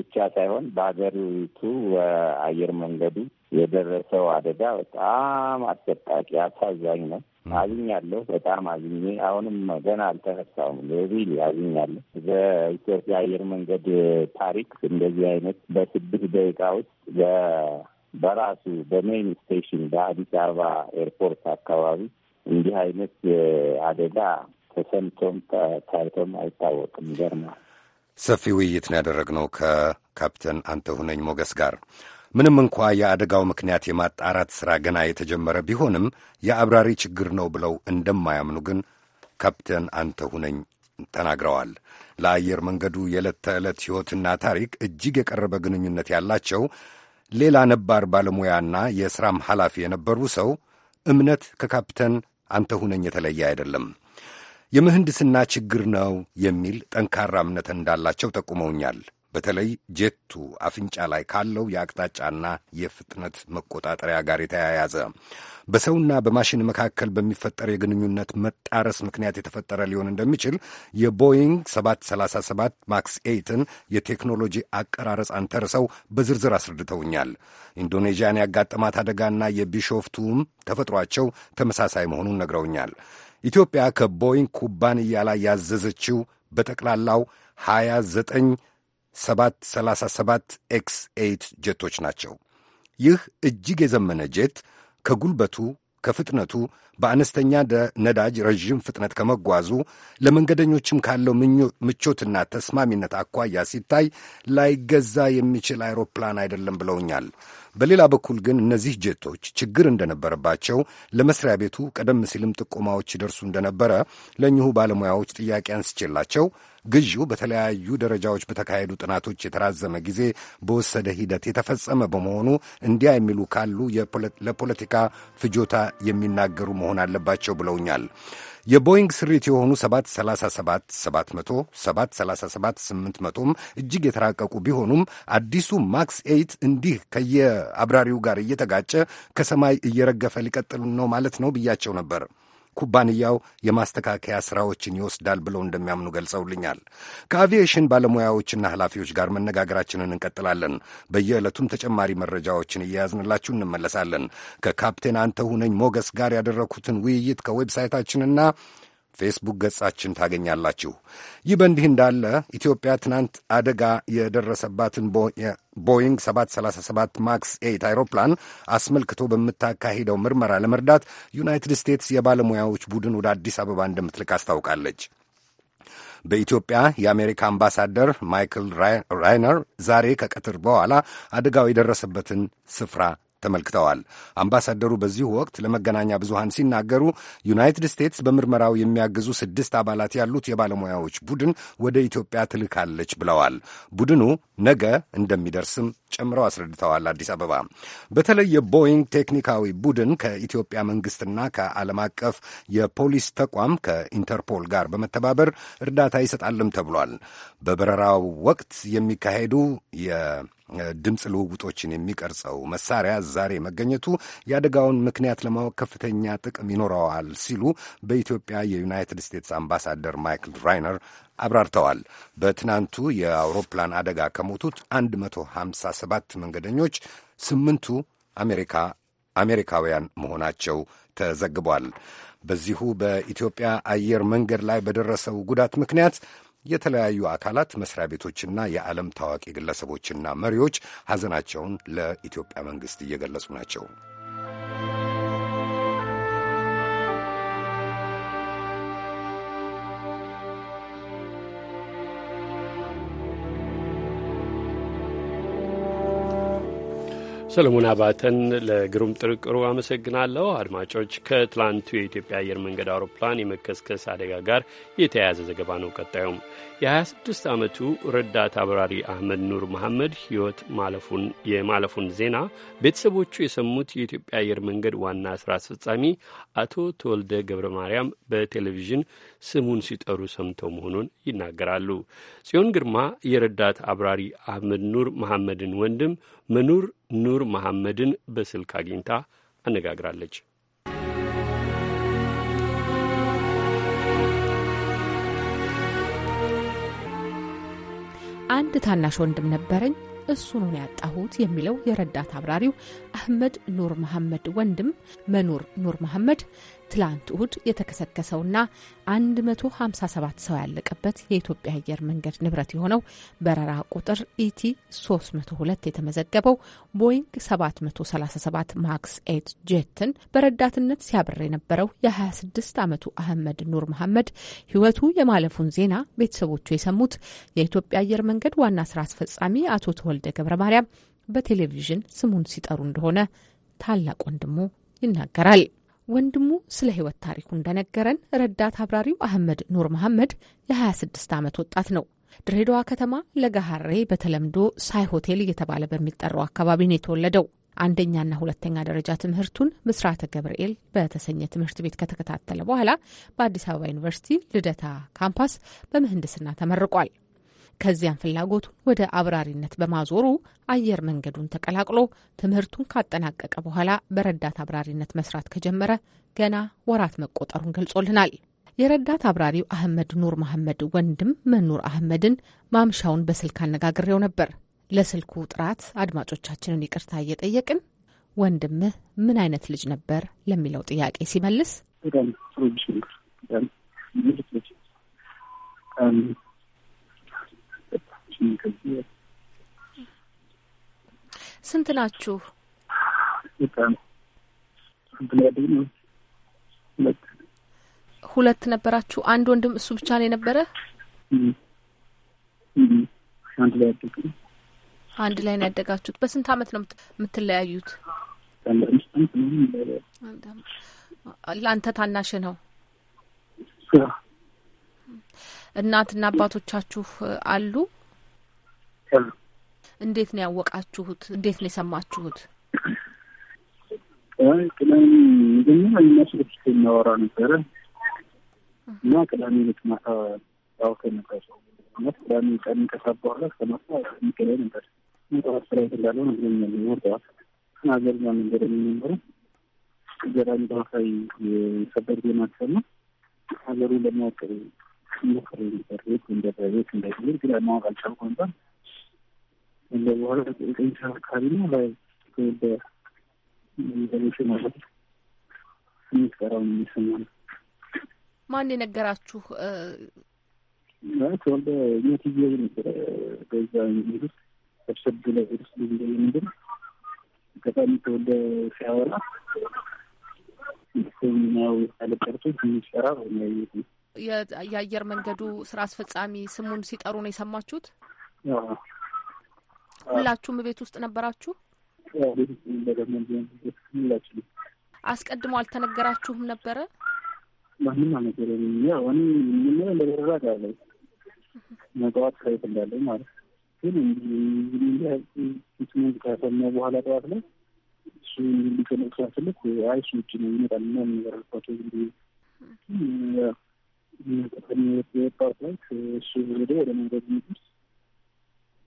ብቻ ሳይሆን በሀገሪቱ አየር መንገዱ የደረሰው አደጋ በጣም አሰቃቂ አሳዛኝ ነው። አዝኛለሁ። በጣም አዝኜ አሁንም ገና አልተነሳውም። ሪል አዝኛለሁ። በኢትዮጵያ አየር መንገድ ታሪክ እንደዚህ አይነት በስድስት ደቂቃ ውስጥ በራሱ በሜይን ስቴሽን በአዲስ አበባ ኤርፖርት አካባቢ እንዲህ አይነት አደጋ ተሰምቶም ታይቶም አይታወቅም። ገርማ ሰፊ ውይይት ነው ያደረግነው ከካፕተን አንተ ሁነኝ ሞገስ ጋር። ምንም እንኳ የአደጋው ምክንያት የማጣራት ሥራ ገና የተጀመረ ቢሆንም የአብራሪ ችግር ነው ብለው እንደማያምኑ ግን ካፕቴን አንተሁነኝ ተናግረዋል። ለአየር መንገዱ የዕለት ተዕለት ሕይወትና ታሪክ እጅግ የቀረበ ግንኙነት ያላቸው ሌላ ነባር ባለሙያና የሥራም ኃላፊ የነበሩ ሰው እምነት አንተ አንተሁነኝ የተለየ አይደለም። የምህንድስና ችግር ነው የሚል ጠንካራ እምነት እንዳላቸው ጠቁመውኛል። በተለይ ጄቱ አፍንጫ ላይ ካለው የአቅጣጫና የፍጥነት መቆጣጠሪያ ጋር የተያያዘ በሰውና በማሽን መካከል በሚፈጠር የግንኙነት መጣረስ ምክንያት የተፈጠረ ሊሆን እንደሚችል የቦይንግ 737 ማክስ ኤይትን የቴክኖሎጂ አቀራረጽ አንተርሰው በዝርዝር አስረድተውኛል። ኢንዶኔዥያን ያጋጠማት አደጋና የቢሾፍቱም ተፈጥሯቸው ተመሳሳይ መሆኑን ነግረውኛል። ኢትዮጵያ ከቦይንግ ኩባንያ ላይ ያዘዘችው በጠቅላላው 29 ሰባት 37 ኤክስ ኤይት ጀቶች ናቸው። ይህ እጅግ የዘመነ ጄት ከጉልበቱ ከፍጥነቱ በአነስተኛ ነዳጅ ረዥም ፍጥነት ከመጓዙ ለመንገደኞችም ካለው ምቾትና ተስማሚነት አኳያ ሲታይ ላይገዛ የሚችል አይሮፕላን አይደለም ብለውኛል። በሌላ በኩል ግን እነዚህ ጄቶች ችግር እንደነበረባቸው ለመስሪያ ቤቱ ቀደም ሲልም ጥቆማዎች ይደርሱ እንደነበረ ለእኚሁ ባለሙያዎች ጥያቄ አንስቼላቸው ግዢው በተለያዩ ደረጃዎች በተካሄዱ ጥናቶች የተራዘመ ጊዜ በወሰደ ሂደት የተፈጸመ በመሆኑ እንዲያ የሚሉ ካሉ ለፖለቲካ ፍጆታ የሚናገሩ መሆን አለባቸው ብለውኛል። የቦይንግ ስሪት የሆኑ 737 700 737 800ም እጅግ የተራቀቁ ቢሆኑም አዲሱ ማክስ ኤይት እንዲህ ከየአብራሪው ጋር እየተጋጨ ከሰማይ እየረገፈ ሊቀጥል ነው ማለት ነው ብያቸው ነበር። ኩባንያው የማስተካከያ ስራዎችን ይወስዳል ብለው እንደሚያምኑ ገልጸውልኛል። ከአቪዬሽን ባለሙያዎችና ኃላፊዎች ጋር መነጋገራችንን እንቀጥላለን። በየዕለቱም ተጨማሪ መረጃዎችን እየያዝንላችሁ እንመለሳለን። ከካፕቴን አንተ ሁነኝ ሞገስ ጋር ያደረግኩትን ውይይት ከዌብሳይታችንና ፌስቡክ ገጻችን ታገኛላችሁ። ይህ በእንዲህ እንዳለ ኢትዮጵያ ትናንት አደጋ የደረሰባትን ቦይንግ 737 ማክስ 8 አይሮፕላን አስመልክቶ በምታካሂደው ምርመራ ለመርዳት ዩናይትድ ስቴትስ የባለሙያዎች ቡድን ወደ አዲስ አበባ እንደምትልክ አስታውቃለች። በኢትዮጵያ የአሜሪካ አምባሳደር ማይክል ራይነር ዛሬ ከቀትር በኋላ አደጋው የደረሰበትን ስፍራ ተመልክተዋል። አምባሳደሩ በዚሁ ወቅት ለመገናኛ ብዙሃን ሲናገሩ ዩናይትድ ስቴትስ በምርመራው የሚያግዙ ስድስት አባላት ያሉት የባለሙያዎች ቡድን ወደ ኢትዮጵያ ትልካለች ብለዋል። ቡድኑ ነገ እንደሚደርስም ጨምረው አስረድተዋል። አዲስ አበባ በተለይ የቦይንግ ቴክኒካዊ ቡድን ከኢትዮጵያ መንግስትና ከዓለም አቀፍ የፖሊስ ተቋም ከኢንተርፖል ጋር በመተባበር እርዳታ ይሰጣልም ተብሏል። በበረራው ወቅት የሚካሄዱ ድምፅ ልውውጦችን የሚቀርጸው መሳሪያ ዛሬ መገኘቱ የአደጋውን ምክንያት ለማወቅ ከፍተኛ ጥቅም ይኖረዋል ሲሉ በኢትዮጵያ የዩናይትድ ስቴትስ አምባሳደር ማይክል ራይነር አብራርተዋል። በትናንቱ የአውሮፕላን አደጋ ከሞቱት 157 መንገደኞች ስምንቱ አሜሪካ አሜሪካውያን መሆናቸው ተዘግቧል። በዚሁ በኢትዮጵያ አየር መንገድ ላይ በደረሰው ጉዳት ምክንያት የተለያዩ አካላት መስሪያ ቤቶችና የዓለም ታዋቂ ግለሰቦችና መሪዎች ሐዘናቸውን ለኢትዮጵያ መንግሥት እየገለጹ ናቸው። ሰለሞን አባተን ለግሩም ጥርቅሩ አመሰግናለሁ። አድማጮች፣ ከትላንቱ የኢትዮጵያ አየር መንገድ አውሮፕላን የመከስከስ አደጋ ጋር የተያያዘ ዘገባ ነው። ቀጣዩም የ26 ዓመቱ ረዳት አብራሪ አህመድ ኑር መሐመድ ሕይወት የማለፉን ዜና ቤተሰቦቹ የሰሙት የኢትዮጵያ አየር መንገድ ዋና ሥራ አስፈጻሚ አቶ ተወልደ ገብረ ማርያም በቴሌቪዥን ስሙን ሲጠሩ ሰምተው መሆኑን ይናገራሉ። ጽዮን ግርማ የረዳት አብራሪ አህመድ ኑር መሐመድን ወንድም መኑር ኑር መሐመድን በስልክ አግኝታ አነጋግራለች። አንድ ታናሽ ወንድም ነበረኝ እሱን ነው ያጣሁት የሚለው የረዳት አብራሪው አህመድ ኑር መሐመድ ወንድም መኑር ኑር መሐመድ ትላንት እሁድ የተከሰከሰውና 157 ሰው ያለቀበት የኢትዮጵያ አየር መንገድ ንብረት የሆነው በረራ ቁጥር ኢቲ 302 የተመዘገበው ቦይንግ 737 ማክስ ኤት ጄትን በረዳትነት ሲያብር የነበረው የ26 ዓመቱ አህመድ ኑር መሐመድ ሕይወቱ የማለፉን ዜና ቤተሰቦቹ የሰሙት የኢትዮጵያ አየር መንገድ ዋና ስራ አስፈጻሚ አቶ ተወልደ ገብረ ማርያም በቴሌቪዥን ስሙን ሲጠሩ እንደሆነ ታላቅ ወንድሙ ይናገራል። ወንድሙ ስለ ህይወት ታሪኩ እንደነገረን ረዳት አብራሪው አህመድ ኑር መሐመድ ለ26 ዓመት ወጣት ነው። ድሬዳዋ ከተማ ለጋሃሬ በተለምዶ ሳይ ሆቴል እየተባለ በሚጠራው አካባቢ ነው የተወለደው። አንደኛና ሁለተኛ ደረጃ ትምህርቱን ምስራተ ገብርኤል በተሰኘ ትምህርት ቤት ከተከታተለ በኋላ በአዲስ አበባ ዩኒቨርሲቲ ልደታ ካምፓስ በምህንድስና ተመርቋል። ከዚያም ፍላጎቱን ወደ አብራሪነት በማዞሩ አየር መንገዱን ተቀላቅሎ ትምህርቱን ካጠናቀቀ በኋላ በረዳት አብራሪነት መስራት ከጀመረ ገና ወራት መቆጠሩን ገልጾልናል። የረዳት አብራሪው አህመድ ኑር መሐመድ ወንድም መኑር አህመድን ማምሻውን በስልክ አነጋግሬው ነበር። ለስልኩ ጥራት አድማጮቻችንን ይቅርታ እየጠየቅን ወንድምህ ምን አይነት ልጅ ነበር ለሚለው ጥያቄ ሲመልስ ከዚህ ስንት ናችሁ? ሁለት ነበራችሁ? አንድ ወንድም እሱ ብቻ ነው የነበረ? አንድ ላይ ያደግነው አንድ ላይ ነው ያደጋችሁት። በስንት አመት ነው የምትለያዩት? ለአንተ ታናሽ ነው። እናትና አባቶቻችሁ አሉ? ያሉ። እንዴት ነው ያወቃችሁት? እንዴት ነው የሰማችሁት? ቅዳሜ መጀመሪያ እነሱ ስልክ እናወራ ነበረ እና ቅዳሜ ዕለት ማታ አውርተን ነበር። እውነት ቅዳሜ ቀን ከሳት በኋላ ከማታ የሚገናኝ ነበር። ጠዋት ስራ የት እንዳለው ነግሮኛል። ወር ጠዋት ሀገር ዛ መንገድ የሚነበረው ገዳሚ ጠዋት የሰበር ዜና ሰማ ሀገሩ ለማወቅ ሞክሬ ነበር ቤት እንደቤት እንደ ግን ለማወቅ አልቻልኩም ነበር እንደ በኋላ ነው ላይ ወደ ማለት የሚሰማ ነው። ማን የነገራችሁ? ተወልደ ኔቲቪ ነበረ። በዛ ሚሄድ ሰብሰብ ለሄድ ውስጥ ጊዜ ምንድን በጣም ተወልደ ሲያወራ ሰሚናው ያለቀርቶ የሚሰራ የአየር መንገዱ ስራ አስፈጻሚ ስሙን ሲጠሩ ነው የሰማችሁት? ሁላችሁም ቤት ውስጥ ነበራችሁ? አስቀድሞ አልተነገራችሁም ነበረ? ማንም አልነገረኝም። ያው እኔ የምንለው እንደበረራ ጋለ መጠዋት ከየት እንዳለ ማለት ግን እንግዲህ ከሰማ በኋላ ጠዋት ላይ እሱ ሊቀመጥ ስፈልግ አይ እሱ ውጭ ነው ይመጣል እና የምንበረርባቸው እንግዲህ ወጣት ላይ እሱ ሄደ ወደ መንገድ ሚስ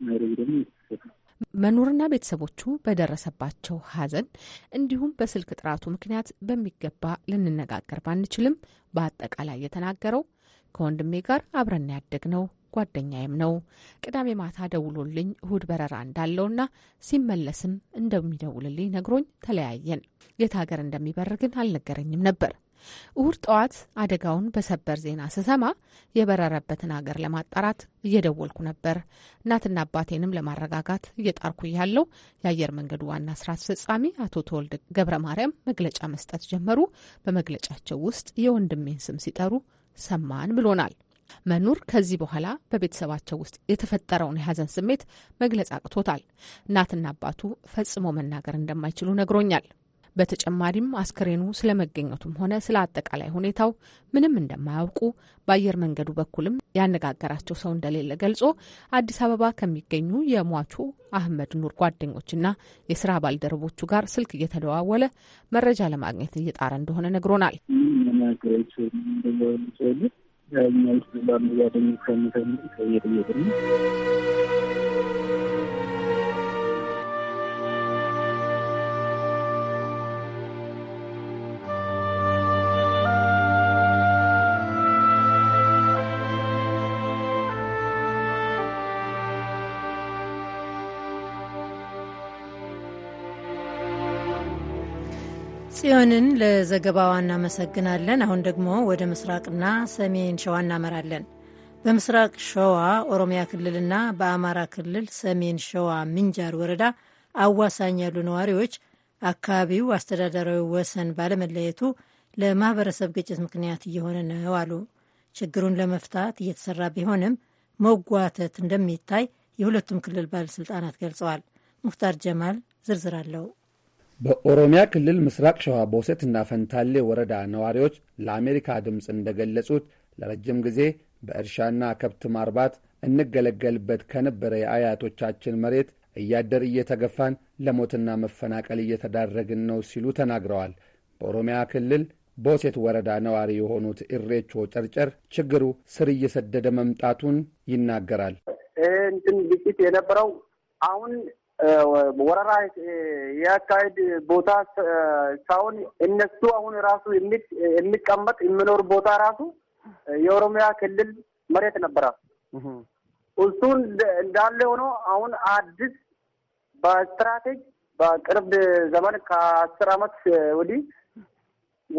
ናይሮቢ ደግሞ መኖርና ቤተሰቦቹ በደረሰባቸው ሐዘን እንዲሁም በስልክ ጥራቱ ምክንያት በሚገባ ልንነጋገር ባንችልም በአጠቃላይ የተናገረው ከወንድሜ ጋር አብረን ያደግነው ጓደኛዬም ነው። ቅዳሜ ማታ ደውሎልኝ እሁድ በረራ እንዳለውና ሲመለስም እንደሚደውልልኝ ነግሮኝ ተለያየን። የት ሀገር እንደሚበር ግን አልነገረኝም ነበር። እሁድ ጠዋት አደጋውን በሰበር ዜና ስሰማ የበረረበትን ሀገር ለማጣራት እየደወልኩ ነበር። እናትና አባቴንም ለማረጋጋት እየጣርኩ ያለው የአየር መንገዱ ዋና ስራ አስፈጻሚ አቶ ተወልድ ገብረ ማርያም መግለጫ መስጠት ጀመሩ። በመግለጫቸው ውስጥ የወንድሜን ስም ሲጠሩ ሰማን ብሎናል። መኑር ከዚህ በኋላ በቤተሰባቸው ውስጥ የተፈጠረውን የሀዘን ስሜት መግለጽ አቅቶታል። እናትና አባቱ ፈጽሞ መናገር እንደማይችሉ ነግሮኛል። በተጨማሪም አስክሬኑ ስለመገኘቱም ሆነ ስለ አጠቃላይ ሁኔታው ምንም እንደማያውቁ በአየር መንገዱ በኩልም ያነጋገራቸው ሰው እንደሌለ ገልጾ አዲስ አበባ ከሚገኙ የሟቹ አህመድ ኑር ጓደኞችና የስራ ባልደረቦቹ ጋር ስልክ እየተደዋወለ መረጃ ለማግኘት እየጣረ እንደሆነ ነግሮናል። ጓደኞች ጽዮንን ለዘገባዋ እናመሰግናለን። አሁን ደግሞ ወደ ምስራቅና ሰሜን ሸዋ እናመራለን። በምስራቅ ሸዋ ኦሮሚያ ክልልና በአማራ ክልል ሰሜን ሸዋ ምንጃር ወረዳ አዋሳኝ ያሉ ነዋሪዎች አካባቢው አስተዳደራዊ ወሰን ባለመለየቱ ለማህበረሰብ ግጭት ምክንያት እየሆነ ነው አሉ። ችግሩን ለመፍታት እየተሰራ ቢሆንም መጓተት እንደሚታይ የሁለቱም ክልል ባለሥልጣናት ገልጸዋል። ሙክታር ጀማል ዝርዝር አለው። በኦሮሚያ ክልል ምስራቅ ሸዋ እና ፈንታሌ ወረዳ ነዋሪዎች ለአሜሪካ ድምፅ እንደገለጹት ለረጅም ጊዜ በእርሻና ከብት ማርባት እንገለገልበት ከነበረ የአያቶቻችን መሬት እያደር እየተገፋን ለሞትና መፈናቀል እየተዳረግን ነው ሲሉ ተናግረዋል። በኦሮሚያ ክልል ቦሴት ወረዳ ነዋሪ የሆኑት እሬቾ ጨርጨር ችግሩ ስር እየሰደደ መምጣቱን ይናገራል። እንትን ግጭት የነበረው አሁን ወረራ የአካሄድ ቦታ ሳይሆን እነሱ አሁን ራሱ የሚቀመጥ የሚኖር ቦታ ራሱ የኦሮሚያ ክልል መሬት ነበራ። እሱን እንዳለ ሆኖ አሁን አዲስ በስትራቴጂ በቅርብ ዘመን ከአስር አመት ወዲህ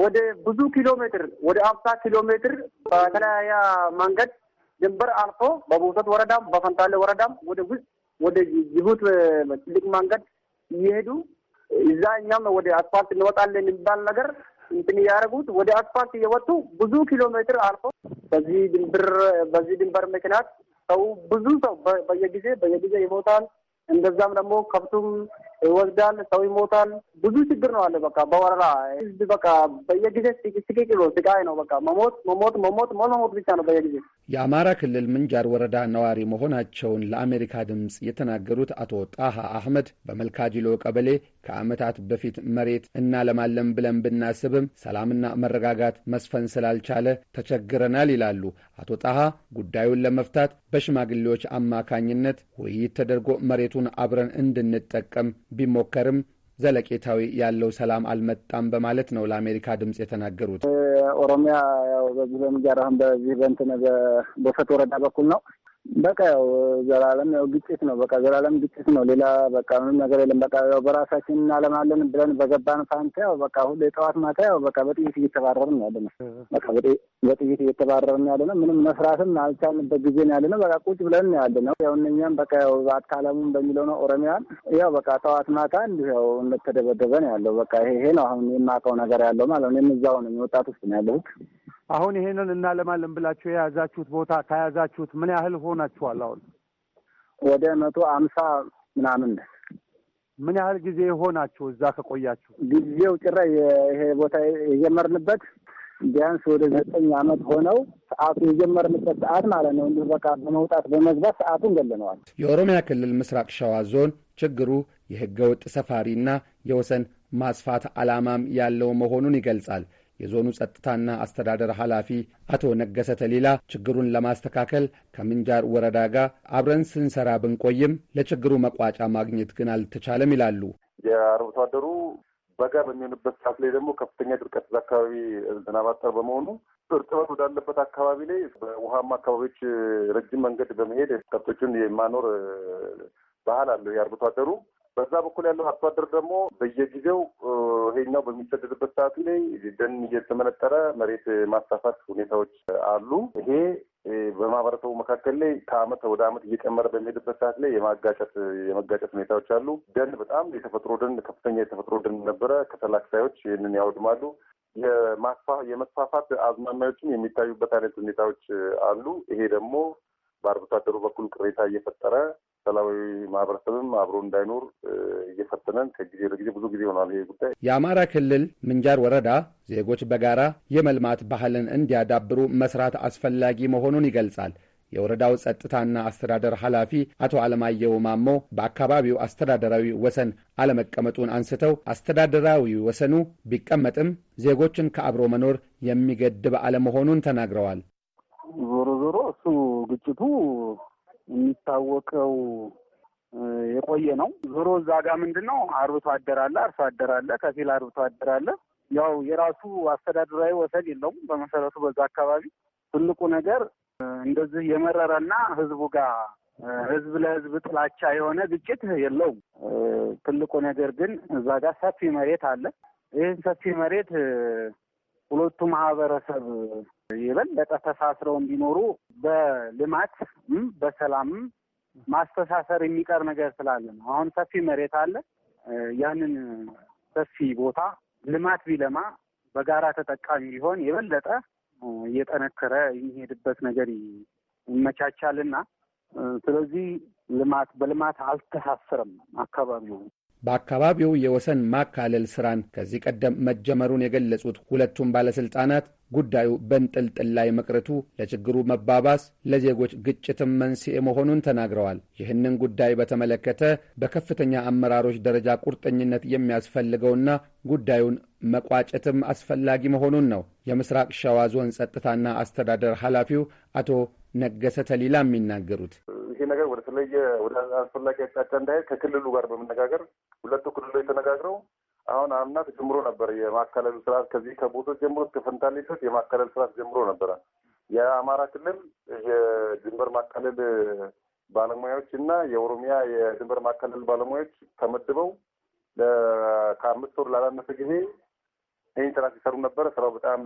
ወደ ብዙ ኪሎ ሜትር ወደ አምሳ ኪሎ ሜትር በተለያየ መንገድ ድንበር አልፎ በቦሰት ወረዳም በፈንታሌ ወረዳም ወደ ውስጥ ወደ ጅቡት ትልቅ መንገድ እየሄዱ እዛ እኛም ወደ አስፋልት እንወጣለን የሚባል ነገር እንትን እያደረጉት ወደ አስፋልት እየወጡ ብዙ ኪሎ ሜትር አልፎ በዚህ ድንበር በዚህ ድንበር ምክንያት ሰው ብዙ ሰው በየጊዜ በየጊዜ ይሞታል። እንደዛም ደግሞ ከብቱም ይወስዳል፣ ሰው ይሞታል። ብዙ ችግር ነው አለ። በቃ በወረራ ህዝብ በቃ በየጊዜ ስቅቅ ነው፣ ስቃይ ነው። በቃ መሞት መሞት መሞት መሞት ብቻ ነው በየጊዜ። የአማራ ክልል ምንጃር ወረዳ ነዋሪ መሆናቸውን ለአሜሪካ ድምፅ የተናገሩት አቶ ጣሃ አህመድ በመልካጅሎ ቀበሌ ከዓመታት በፊት መሬት እናለማለን ብለን ብናስብም ሰላምና መረጋጋት መስፈን ስላልቻለ ተቸግረናል ይላሉ አቶ ጣሃ። ጉዳዩን ለመፍታት በሽማግሌዎች አማካኝነት ውይይት ተደርጎ መሬቱን አብረን እንድንጠቀም ቢሞከርም ዘለቄታዊ ያለው ሰላም አልመጣም በማለት ነው ለአሜሪካ ድምፅ የተናገሩት። ኦሮሚያ ያው በዚህ በምንጃር በዚህ በእንትን በፈት ወረዳ በኩል ነው በቃ ያው ዘላለም ያው ግጭት ነው። በቃ ዘላለም ግጭት ነው። ሌላ በቃ ምንም ነገር የለም። በቃ ያው በራሳችን እናለማለን ብለን በገባን ፋንታ ያው በቃ ሁሉ ጠዋት ማታ ያው በቃ በጥይት እየተባረርን ነው ያለነው። በቃ በጥይት እየተባረርን ነው ያለነው። ምንም መስራትም አልቻልንበት ጊዜ ነው ያለ ነው። በቃ ቁጭ ብለን ነው ያለነው። ያው እነኛም በቃ ያው አታለሙም በሚለው ነው ኦሮሚያን ያው በቃ ጠዋት ማታ እንዲሁ ያው እንደተደበደበ ነው ያለው። በቃ ይሄ ነው አሁን የማውቀው ነገር ያለው ማለት ነው። እኔም እዛው ነኝ፣ ወጣት ውስጥ ነው ያለሁት። አሁን ይሄንን እናለማለን ብላችሁ የያዛችሁት ቦታ ከያዛችሁት ምን ያህል ሆናችኋል? አሁን ወደ መቶ አምሳ ምናምን ምን ያህል ጊዜ ሆናችሁ እዛ ከቆያችሁ? ጊዜው ጭራ ይሄ ቦታ የጀመርንበት ቢያንስ ወደ ዘጠኝ ዓመት ሆነው ሰዓቱ የጀመርንበት ሰዓት ማለት ነው። እንዲሁ በቃ በመውጣት በመግባት ሰዓቱን ገለነዋል። የኦሮሚያ ክልል ምስራቅ ሸዋ ዞን ችግሩ የህገ ወጥ ሰፋሪና የወሰን ማስፋት አላማም ያለው መሆኑን ይገልጻል። የዞኑ ጸጥታና አስተዳደር ኃላፊ አቶ ነገሰ ተሌላ ችግሩን ለማስተካከል ከምንጃር ወረዳ ጋር አብረን ስንሰራ ብንቆይም ለችግሩ መቋጫ ማግኘት ግን አልተቻለም ይላሉ። የአርብቶ አደሩ በጋ በሚሆንበት ሰዓት ላይ ደግሞ ከፍተኛ ድርቀት አካባቢ ዝናብ አጠር በመሆኑ እርጥበት ወዳለበት አካባቢ ላይ በውሃማ አካባቢዎች ረጅም መንገድ በመሄድ ከብቶቹን የማኖር ባህል አለው የአርብቶ አደሩ። በዛ በኩል ያለው አርሶ አደር ደግሞ በየጊዜው ይሄኛው በሚሰደድበት ሰዓት ላይ ደን እየተመነጠረ መሬት ማስፋፋት ሁኔታዎች አሉ። ይሄ በማህበረሰቡ መካከል ላይ ከአመት ወደ አመት እየጨመረ በሚሄድበት ሰዓት ላይ የማጋጨት የመጋጨት ሁኔታዎች አሉ። ደን በጣም የተፈጥሮ ደን ከፍተኛ የተፈጥሮ ደን ነበረ። ከተላክሳዮች ይህንን ያወድማሉ። የመስፋፋት አዝማሚያዎችም የሚታዩበት አይነት ሁኔታዎች አሉ። ይሄ ደግሞ በአርብቶ አደሩ በኩል ቅሬታ እየፈጠረ ሰላማዊ ማህበረሰብም አብሮ እንዳይኖር እየፈተነን ከጊዜ ወደ ጊዜ ብዙ ጊዜ ሆኗል። ይህ ጉዳይ የአማራ ክልል ምንጃር ወረዳ ዜጎች በጋራ የመልማት ባህልን እንዲያዳብሩ መስራት አስፈላጊ መሆኑን ይገልጻል። የወረዳው ጸጥታና አስተዳደር ኃላፊ አቶ አለማየሁ ማሞ በአካባቢው አስተዳደራዊ ወሰን አለመቀመጡን አንስተው አስተዳደራዊ ወሰኑ ቢቀመጥም ዜጎችን ከአብሮ መኖር የሚገድብ አለመሆኑን ተናግረዋል። ዞሮ ዞሮ እሱ ግጭቱ የሚታወቀው የቆየ ነው። ዞሮ እዛ ጋ ምንድን ነው አርብቶ አደር አለ፣ አርሶ አደር አለ፣ ከፊል አርብቶ አደር አለ። ያው የራሱ አስተዳደራዊ ወሰን የለውም። በመሰረቱ በዛ አካባቢ ትልቁ ነገር እንደዚህ የመረረና ህዝቡ ጋር ህዝብ ለህዝብ ጥላቻ የሆነ ግጭት የለውም። ትልቁ ነገር ግን እዛ ጋር ሰፊ መሬት አለ። ይህን ሰፊ መሬት ሁለቱ ማህበረሰብ የበለጠ ተሳስረው እንዲኖሩ በልማት በሰላም ማስተሳሰር የሚቀር ነገር ስላለ ነው። አሁን ሰፊ መሬት አለ። ያንን ሰፊ ቦታ ልማት ቢለማ በጋራ ተጠቃሚ ቢሆን የበለጠ እየጠነከረ የሚሄድበት ነገር ይመቻቻልና ስለዚህ ልማት በልማት አልተሳስርም አካባቢው በአካባቢው የወሰን ማካለል ስራን ከዚህ ቀደም መጀመሩን የገለጹት ሁለቱም ባለስልጣናት ጉዳዩ በንጥልጥል ላይ መቅረቱ ለችግሩ መባባስ ለዜጎች ግጭትም መንስኤ መሆኑን ተናግረዋል። ይህንን ጉዳይ በተመለከተ በከፍተኛ አመራሮች ደረጃ ቁርጠኝነት የሚያስፈልገውና ጉዳዩን መቋጨትም አስፈላጊ መሆኑን ነው የምስራቅ ሸዋ ዞን ጸጥታና አስተዳደር ኃላፊው አቶ ነገሰ ተሊላ የሚናገሩት። ይሄ ነገር ወደ ተለየ ወደ አስፈላጊ አቅጣጫ እንዳይሄድ ከክልሉ ጋር በመነጋገር ሁለቱ ክልሎች ተነጋግረው አሁን አምና ጀምሮ ነበር የማካለሉ ስርዓት ከዚህ ከቦቶ ጀምሮ እስከ ፈንታሌ ድረስ የማካለል ስርዓት ጀምሮ ነበረ። የአማራ ክልል የድንበር ማካለል ባለሙያዎች እና የኦሮሚያ የድንበር ማካለል ባለሙያዎች ተመድበው ከአምስት ወር ላላነሰ ጊዜ ይህን ስራ ሲሰሩ ነበረ። ስራው በጣም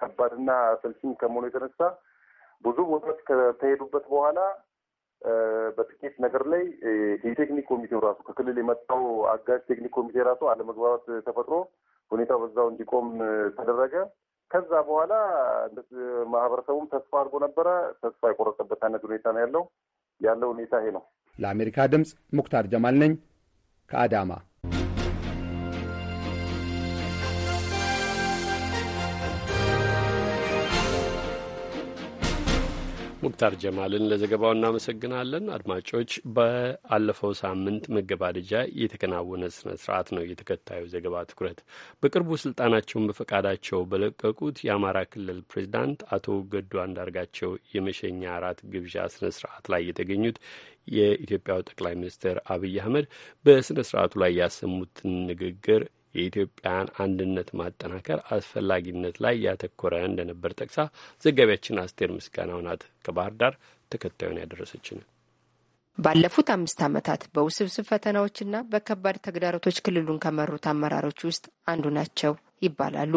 ከባድና አሰልቺ ከመሆኑ የተነሳ ብዙ ቦታዎች ከተሄዱበት በኋላ በጥቂት ነገር ላይ የቴክኒክ ኮሚቴው ራሱ ከክልል የመጣው አጋዥ ቴክኒክ ኮሚቴ ራሱ አለመግባባት ተፈጥሮ ሁኔታው በዛው እንዲቆም ተደረገ። ከዛ በኋላ ማህበረሰቡም ተስፋ አድርጎ ነበረ። ተስፋ የቆረጠበት አይነት ሁኔታ ነው ያለው። ያለው ሁኔታ ይሄ ነው። ለአሜሪካ ድምፅ ሙክታር ጀማል ነኝ ከአዳማ። ሙክታር ጀማልን ለዘገባው እናመሰግናለን። አድማጮች፣ በአለፈው ሳምንት መገባደጃ የተከናወነ ስነ ስርዓት ነው የተከታዩ ዘገባ ትኩረት። በቅርቡ ስልጣናቸውን በፈቃዳቸው በለቀቁት የአማራ ክልል ፕሬዚዳንት አቶ ገዱ አንዳርጋቸው የመሸኛ አራት ግብዣ ስነ ስርዓት ላይ የተገኙት የኢትዮጵያው ጠቅላይ ሚኒስትር አብይ አህመድ በስነ ስርዓቱ ላይ ያሰሙትን ንግግር የኢትዮጵያን አንድነት ማጠናከር አስፈላጊነት ላይ ያተኮረ እንደነበር ጠቅሳ ዘጋቢያችን አስቴር ምስጋናው ናት ከባህር ዳር ተከታዩን ያደረሰችን። ባለፉት አምስት ዓመታት በውስብስብ ፈተናዎችና በከባድ ተግዳሮቶች ክልሉን ከመሩት አመራሮች ውስጥ አንዱ ናቸው ይባላሉ።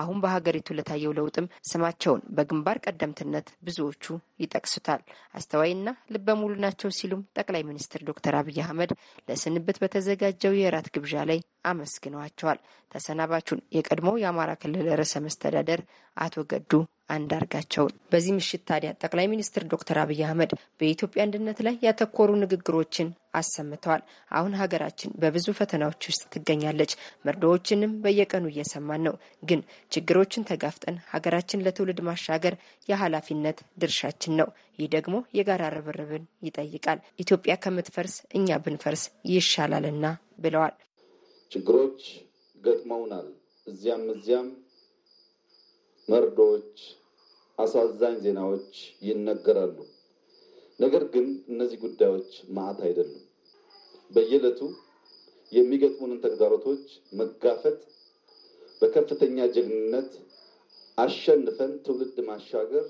አሁን በሀገሪቱ ለታየው ለውጥም ስማቸውን በግንባር ቀደምትነት ብዙዎቹ ይጠቅሱታል። አስተዋይና ልበሙሉ ናቸው ሲሉም ጠቅላይ ሚኒስትር ዶክተር አብይ አህመድ ለስንብት በተዘጋጀው የእራት ግብዣ ላይ አመስግነዋቸዋል። ተሰናባቹን የቀድሞ የአማራ ክልል ርዕሰ መስተዳደር አቶ ገዱ አንዳርጋቸው። በዚህ ምሽት ታዲያ ጠቅላይ ሚኒስትር ዶክተር አብይ አህመድ በኢትዮጵያ አንድነት ላይ ያተኮሩ ንግግሮችን አሰምተዋል። አሁን ሀገራችን በብዙ ፈተናዎች ውስጥ ትገኛለች። መርዶዎችንም በየቀኑ እየሰማን ነው። ግን ችግሮችን ተጋፍጠን ሀገራችን ለትውልድ ማሻገር የኃላፊነት ድርሻችን ነው። ይህ ደግሞ የጋራ ርብርብን ይጠይቃል። ኢትዮጵያ ከምትፈርስ እኛ ብንፈርስ ይሻላልና ብለዋል። ችግሮች ገጥመውናል። እዚያም እዚያም መርዶዎች አሳዛኝ ዜናዎች ይነገራሉ። ነገር ግን እነዚህ ጉዳዮች ማዕት አይደሉም። በየዕለቱ የሚገጥሙንን ተግዳሮቶች መጋፈጥ በከፍተኛ ጀግንነት አሸንፈን ትውልድ ማሻገር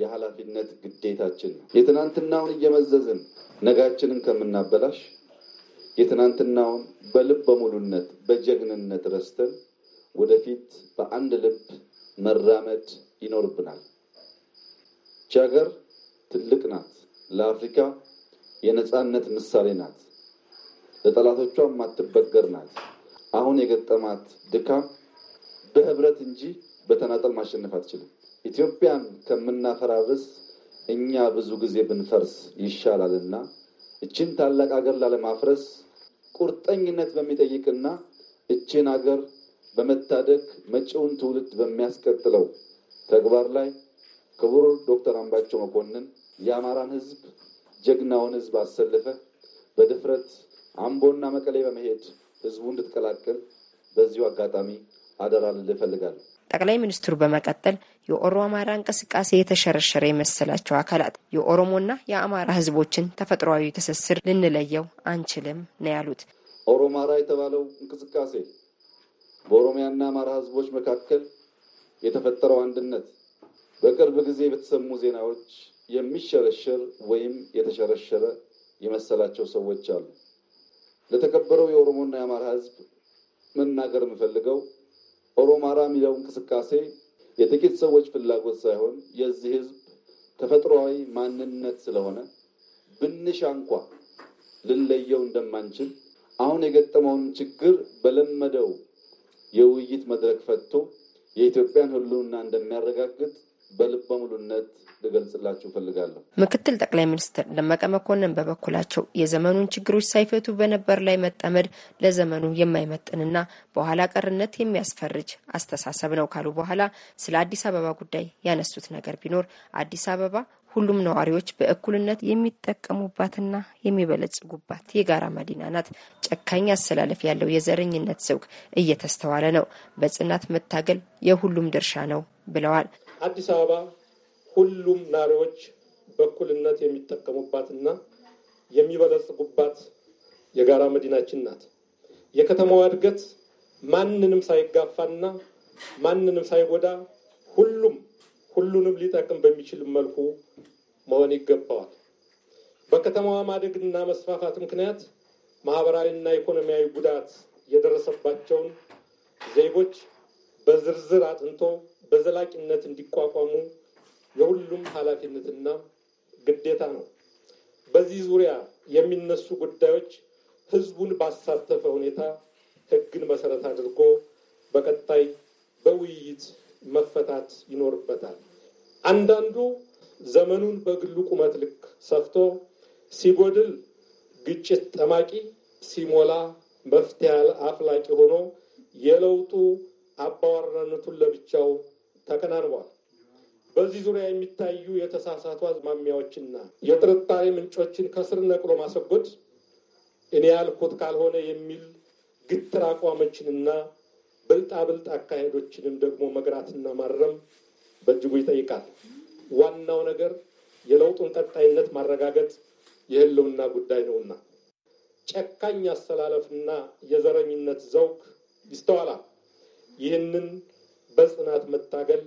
የኃላፊነት ግዴታችን ነው። የትናንትናውን እየመዘዝን ነጋችንን ከምናበላሽ የትናንትናውን በልብ በሙሉነት በጀግንነት ረስተን ወደፊት በአንድ ልብ መራመድ ይኖርብናል። ይቺ ሀገር ትልቅ ናት። ለአፍሪካ የነፃነት ምሳሌ ናት። ለጠላቶቿ የማትበገር ናት። አሁን የገጠማት ድካም በህብረት እንጂ በተናጠል ማሸነፍ አትችልም። ኢትዮጵያን ከምናፈራርስ እኛ ብዙ ጊዜ ብንፈርስ ይሻላልና እችን ታላቅ ሀገር ላለማፍረስ ቁርጠኝነት በሚጠይቅና እችን ሀገር በመታደግ መጪውን ትውልድ በሚያስቀጥለው ተግባር ላይ ክቡር ዶክተር አምባቸው መኮንን የአማራን ህዝብ ጀግናውን ህዝብ አሰልፈ በድፍረት አምቦና መቀሌ በመሄድ ህዝቡ እንድትቀላቀል በዚሁ አጋጣሚ አደራ ልል እፈልጋለሁ። ጠቅላይ ሚኒስትሩ በመቀጠል የኦሮ አማራ እንቅስቃሴ የተሸረሸረ የመሰላቸው አካላት የኦሮሞና የአማራ ህዝቦችን ተፈጥሯዊ ትስስር ልንለየው አንችልም ነው ያሉት። ኦሮማራ የተባለው እንቅስቃሴ በኦሮሚያና አማራ ህዝቦች መካከል የተፈጠረው አንድነት በቅርብ ጊዜ በተሰሙ ዜናዎች የሚሸረሸር ወይም የተሸረሸረ የመሰላቸው ሰዎች አሉ። ለተከበረው የኦሮሞና የአማራ ሕዝብ መናገር የምፈልገው ኦሮማራ የሚለው እንቅስቃሴ የጥቂት ሰዎች ፍላጎት ሳይሆን የዚህ ሕዝብ ተፈጥሯዊ ማንነት ስለሆነ ብንሻ እንኳ ልንለየው እንደማንችል አሁን የገጠመውን ችግር በለመደው የውይይት መድረክ ፈቶ የኢትዮጵያን ሕልውና እንደሚያረጋግጥ በልበ ሙሉነት ልገልጽላችሁ ፈልጋለሁ ምክትል ጠቅላይ ሚኒስትር ደመቀ መኮንን በበኩላቸው የዘመኑን ችግሮች ሳይፈቱ በነበር ላይ መጠመድ ለዘመኑ የማይመጥንና በኋላ ቀርነት የሚያስፈርጅ አስተሳሰብ ነው ካሉ በኋላ ስለ አዲስ አበባ ጉዳይ ያነሱት ነገር ቢኖር አዲስ አበባ ሁሉም ነዋሪዎች በእኩልነት የሚጠቀሙባትና የሚበለጽጉባት የጋራ መዲና ናት። ጨካኝ አሰላለፍ ያለው የዘረኝነት ዘውግ እየተስተዋለ ነው። በጽናት መታገል የሁሉም ድርሻ ነው ብለዋል። አዲስ አበባ ሁሉም ናሪዎች በእኩልነት የሚጠቀሙባትና የሚበለጽጉባት የጋራ መዲናችን ናት። የከተማዋ እድገት ማንንም ሳይጋፋና ማንንም ሳይጎዳ ሁሉም ሁሉንም ሊጠቅም በሚችል መልኩ መሆን ይገባዋል። በከተማዋ ማደግና መስፋፋት ምክንያት ማህበራዊና ኢኮኖሚያዊ ጉዳት የደረሰባቸውን ዜጎች በዝርዝር አጥንቶ በዘላቂነት እንዲቋቋሙ የሁሉም ኃላፊነትና ግዴታ ነው። በዚህ ዙሪያ የሚነሱ ጉዳዮች ህዝቡን ባሳተፈ ሁኔታ ህግን መሰረት አድርጎ በቀጣይ በውይይት መፈታት ይኖርበታል። አንዳንዱ ዘመኑን በግሉ ቁመት ልክ ሰፍቶ ሲጎድል ግጭት ጠማቂ፣ ሲሞላ መፍትሄ አፍላቂ ሆኖ የለውጡ አባወራነቱን ለብቻው ተከናንቧል። በዚህ ዙሪያ የሚታዩ የተሳሳቱ አዝማሚያዎችና የጥርጣሬ ምንጮችን ከስር ነቅሎ ማስወገድ እኔ ያልኩት ካልሆነ የሚል ግትር አቋሞችንና ብልጣብልጥ አካሄዶችንም ደግሞ መግራትና ማረም በእጅጉ ይጠይቃል። ዋናው ነገር የለውጡን ቀጣይነት ማረጋገጥ የህልውና ጉዳይ ነውና ጨካኝ አስተላለፍና የዘረኝነት ዘውግ ይስተዋላል። ይህንን በጽናት መታገል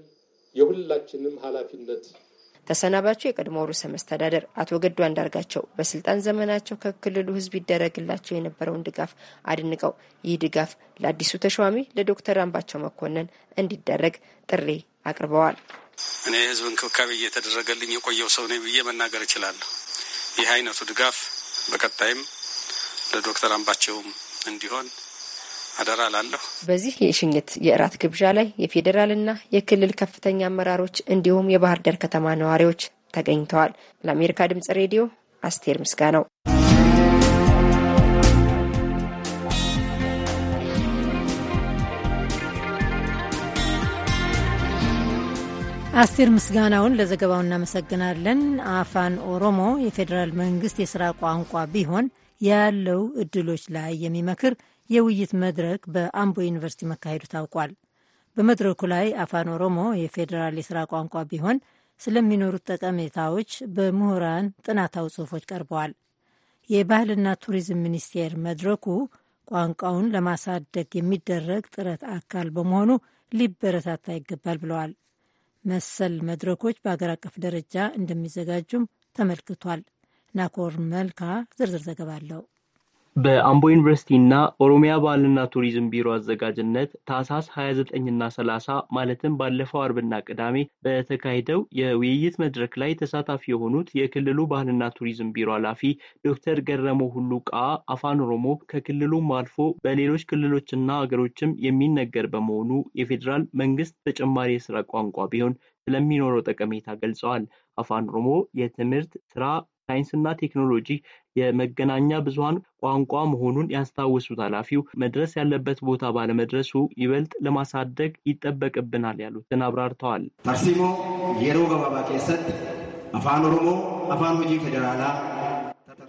የሁላችንም ኃላፊነት ተሰናባቸው የቀድሞ ርዕሰ መስተዳደር አቶ ገዱ አንዳርጋቸው በስልጣን ዘመናቸው ከክልሉ ሕዝብ ይደረግላቸው የነበረውን ድጋፍ አድንቀው ይህ ድጋፍ ለአዲሱ ተሿሚ ለዶክተር አምባቸው መኮንን እንዲደረግ ጥሪ አቅርበዋል። እኔ የሕዝብ እንክብካቤ እየተደረገልኝ የቆየው ሰው ነኝ ብዬ መናገር እችላለሁ። ይህ አይነቱ ድጋፍ በቀጣይም ለዶክተር አምባቸውም እንዲሆን አደራ ላለሁ። በዚህ የሽኝት የእራት ግብዣ ላይ የፌዴራልና የክልል ከፍተኛ አመራሮች እንዲሁም የባህር ዳር ከተማ ነዋሪዎች ተገኝተዋል። ለአሜሪካ ድምጽ ሬዲዮ አስቴር ምስጋናው። አስቴር ምስጋናውን ለዘገባው እናመሰግናለን። አፋን ኦሮሞ የፌዴራል መንግስት የስራ ቋንቋ ቢሆን ያለው እድሎች ላይ የሚመክር የውይይት መድረክ በአምቦ ዩኒቨርሲቲ መካሄዱ ታውቋል። በመድረኩ ላይ አፋን ኦሮሞ የፌዴራል የስራ ቋንቋ ቢሆን ስለሚኖሩት ጠቀሜታዎች በምሁራን ጥናታዊ ጽሑፎች ቀርበዋል። የባህልና ቱሪዝም ሚኒስቴር መድረኩ ቋንቋውን ለማሳደግ የሚደረግ ጥረት አካል በመሆኑ ሊበረታታ ይገባል ብለዋል። መሰል መድረኮች በአገር አቀፍ ደረጃ እንደሚዘጋጁም ተመልክቷል። ናኮር መልካ ዝርዝር ዘገባ አለው። በአምቦ ዩኒቨርሲቲ እና ኦሮሚያ ባህልና ቱሪዝም ቢሮ አዘጋጅነት ታህሳስ 29ና 30 ማለትም ባለፈው አርብና ቅዳሜ በተካሄደው የውይይት መድረክ ላይ ተሳታፊ የሆኑት የክልሉ ባህልና ቱሪዝም ቢሮ ኃላፊ ዶክተር ገረሞ ቃ አፋን ኦሮሞ ከክልሉም አልፎ በሌሎች ክልሎችና ሀገሮችም የሚነገር በመሆኑ የፌዴራል መንግስት ተጨማሪ የስራ ቋንቋ ቢሆን ስለሚኖረው ጠቀሜታ ገልጸዋል። አፋን ኦሮሞ የትምህርት ስራ፣ ሳይንስና ቴክኖሎጂ የመገናኛ ብዙሀን ቋንቋ መሆኑን ያስታወሱት ኃላፊው መድረስ ያለበት ቦታ ባለመድረሱ ይበልጥ ለማሳደግ ይጠበቅብናል ያሉትን አብራርተዋል። አርሲሞ የሮ ገባባ ኬሰት አፋን ኦሮሞ አፋን ሆጂ ፌደራላ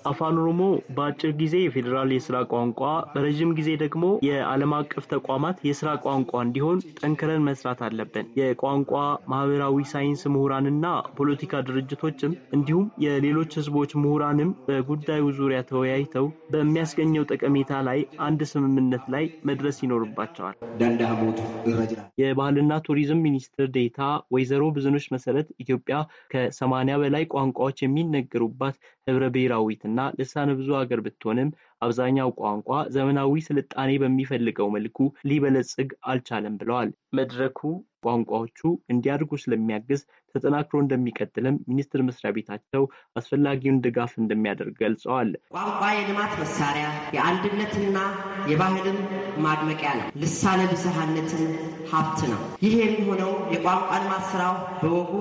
አፋን ኦሮሞ በአጭር ጊዜ የፌዴራል የስራ ቋንቋ በረዥም ጊዜ ደግሞ የዓለም አቀፍ ተቋማት የስራ ቋንቋ እንዲሆን ጠንክረን መስራት አለብን። የቋንቋ ማህበራዊ ሳይንስ ምሁራንና ፖለቲካ ድርጅቶችም እንዲሁም የሌሎች ህዝቦች ምሁራንም በጉዳዩ ዙሪያ ተወያይተው በሚያስገኘው ጠቀሜታ ላይ አንድ ስምምነት ላይ መድረስ ይኖርባቸዋል። የባህልና ቱሪዝም ሚኒስትር ዴታ ወይዘሮ ብዙኖች መሰረት ኢትዮጵያ ከሰማንያ በላይ ቋንቋዎች የሚነገሩባት ህብረ ብሔራዊት እና ልሳነ ብዙ ሀገር ብትሆንም አብዛኛው ቋንቋ ዘመናዊ ስልጣኔ በሚፈልገው መልኩ ሊበለጽግ አልቻለም ብለዋል። መድረኩ ቋንቋዎቹ እንዲያድጉ ስለሚያግዝ ተጠናክሮ እንደሚቀጥልም ሚኒስቴር መስሪያ ቤታቸው አስፈላጊውን ድጋፍ እንደሚያደርግ ገልጸዋል። ቋንቋ የልማት መሳሪያ፣ የአንድነትና የባህልን ማድመቂያ ነው። ልሳነ ብዝሃነትን ሀብት ነው። ይህ የሚሆነው የቋንቋ ልማት ስራው በወጉ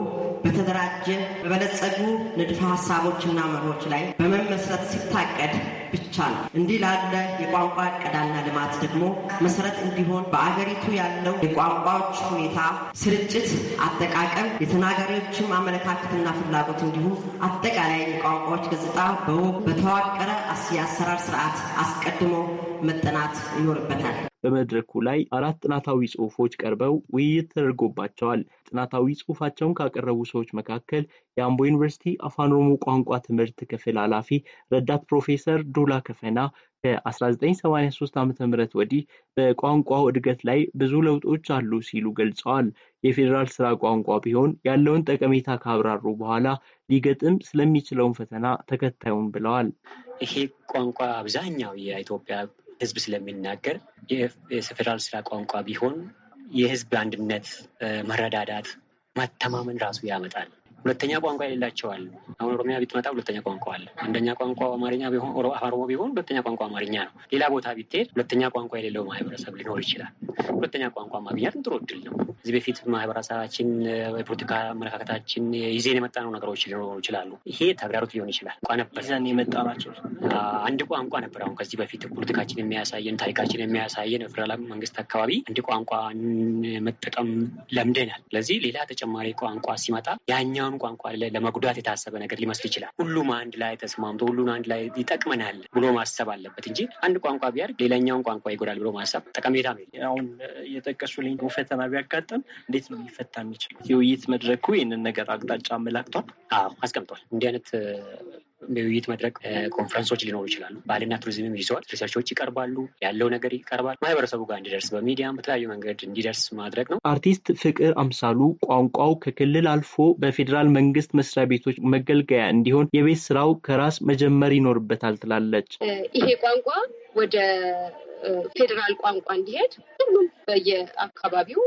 በተደራጀ በበለጸጉ ንድፈ ሀሳቦችና መርሆች ላይ በመመስረት ሲታቀድ ብቻ ነው። እንዲህ ላለ የቋንቋ ቀዳና ልማት ደግሞ መሰረት እንዲሆን በአገሪቱ ያለው የቋንቋዎች ሁኔታ፣ ስርጭት፣ አጠቃቀም፣ የተናጋሪዎችም አመለካከትና ፍላጎት እንዲሁም አጠቃላይ የቋንቋዎች ገጽታ በውብ በተዋቀረ የአሰራር ስርዓት አስቀድሞ መጠናት ይኖርበታል። በመድረኩ ላይ አራት ጥናታዊ ጽሁፎች ቀርበው ውይይት ተደርጎባቸዋል። ጥናታዊ ጽሁፋቸውን ካቀረቡ ሰዎች መካከል የአምቦ ዩኒቨርሲቲ አፋን ኦሮሞ ቋንቋ ትምህርት ክፍል ኃላፊ ረዳት ፕሮፌሰር ዱላ ከፈና ከ1983 ዓ ም ወዲህ በቋንቋው እድገት ላይ ብዙ ለውጦች አሉ ሲሉ ገልጸዋል። የፌዴራል ስራ ቋንቋ ቢሆን ያለውን ጠቀሜታ ካብራሩ በኋላ ሊገጥም ስለሚችለውን ፈተና ተከታዩን ብለዋል። ይሄ ቋንቋ አብዛኛው የኢትዮጵያ ህዝብ ስለሚናገር የፌዴራል ስራ ቋንቋ ቢሆን የህዝብ አንድነት፣ መረዳዳት፣ መተማመን ራሱ ያመጣል። ሁለተኛ ቋንቋ የሌላቸው አሉ። አሁን ኦሮሚያ ብትመጣ ሁለተኛ ቋንቋ አለ። አንደኛ ቋንቋ አማርኛ ቢሆን ኦሮሞ ቢሆን ሁለተኛ ቋንቋ አማርኛ ነው። ሌላ ቦታ ብትሄድ ሁለተኛ ቋንቋ የሌለው ማህበረሰብ ሊኖር ይችላል። ሁለተኛ ቋንቋ ማግኘትም ጥሩ እድል ነው። እዚህ በፊት ማህበረሰባችን የፖለቲካ አመለካከታችን ይዜን የመጣ ነው ነገሮች ሊኖሩ ይችላሉ። ይሄ ተግዳሮት ሊሆን ይችላል። ቋንቋ ነበር የመጣ ናቸው። አንድ ቋንቋ ነበር። አሁን ከዚህ በፊት ፖለቲካችን የሚያሳየን ታሪካችን የሚያሳየን ፌደራል መንግስት አካባቢ አንድ ቋንቋ መጠቀም ለምደናል። ስለዚህ ሌላ ተጨማሪ ቋንቋ ሲመጣ ያኛው በሌላም ቋንቋ ለመጉዳት የታሰበ ነገር ሊመስል ይችላል። ሁሉም አንድ ላይ ተስማምቶ ሁሉን አንድ ላይ ይጠቅመናል ብሎ ማሰብ አለበት እንጂ አንድ ቋንቋ ቢያድግ ሌላኛውን ቋንቋ ይጎዳል ብሎ ማሰብ ጠቀሜታ አሁን የጠቀሱልኝ ፈተና ቢያጋጥም እንዴት ነው ሊፈታ የሚችል? የውይይት መድረኩ ይህንን ነገር አቅጣጫ አመላክቷል፣ አስቀምጧል። እንዲህ አይነት የውይይት መድረክ ኮንፈረንሶች ሊኖሩ ይችላሉ። ባህልና ቱሪዝምም ይዘዋል። ሪሰርቾች ይቀርባሉ፣ ያለው ነገር ይቀርባል። ማህበረሰቡ ጋር እንዲደርስ በሚዲያም በተለያዩ መንገድ እንዲደርስ ማድረግ ነው። አርቲስት ፍቅር አምሳሉ ቋንቋው ከክልል አልፎ በፌዴራል መንግስት መስሪያ ቤቶች መገልገያ እንዲሆን የቤት ስራው ከራስ መጀመር ይኖርበታል ትላለች። ይሄ ቋንቋ ወደ ፌዴራል ቋንቋ እንዲሄድ ሁሉም በየአካባቢው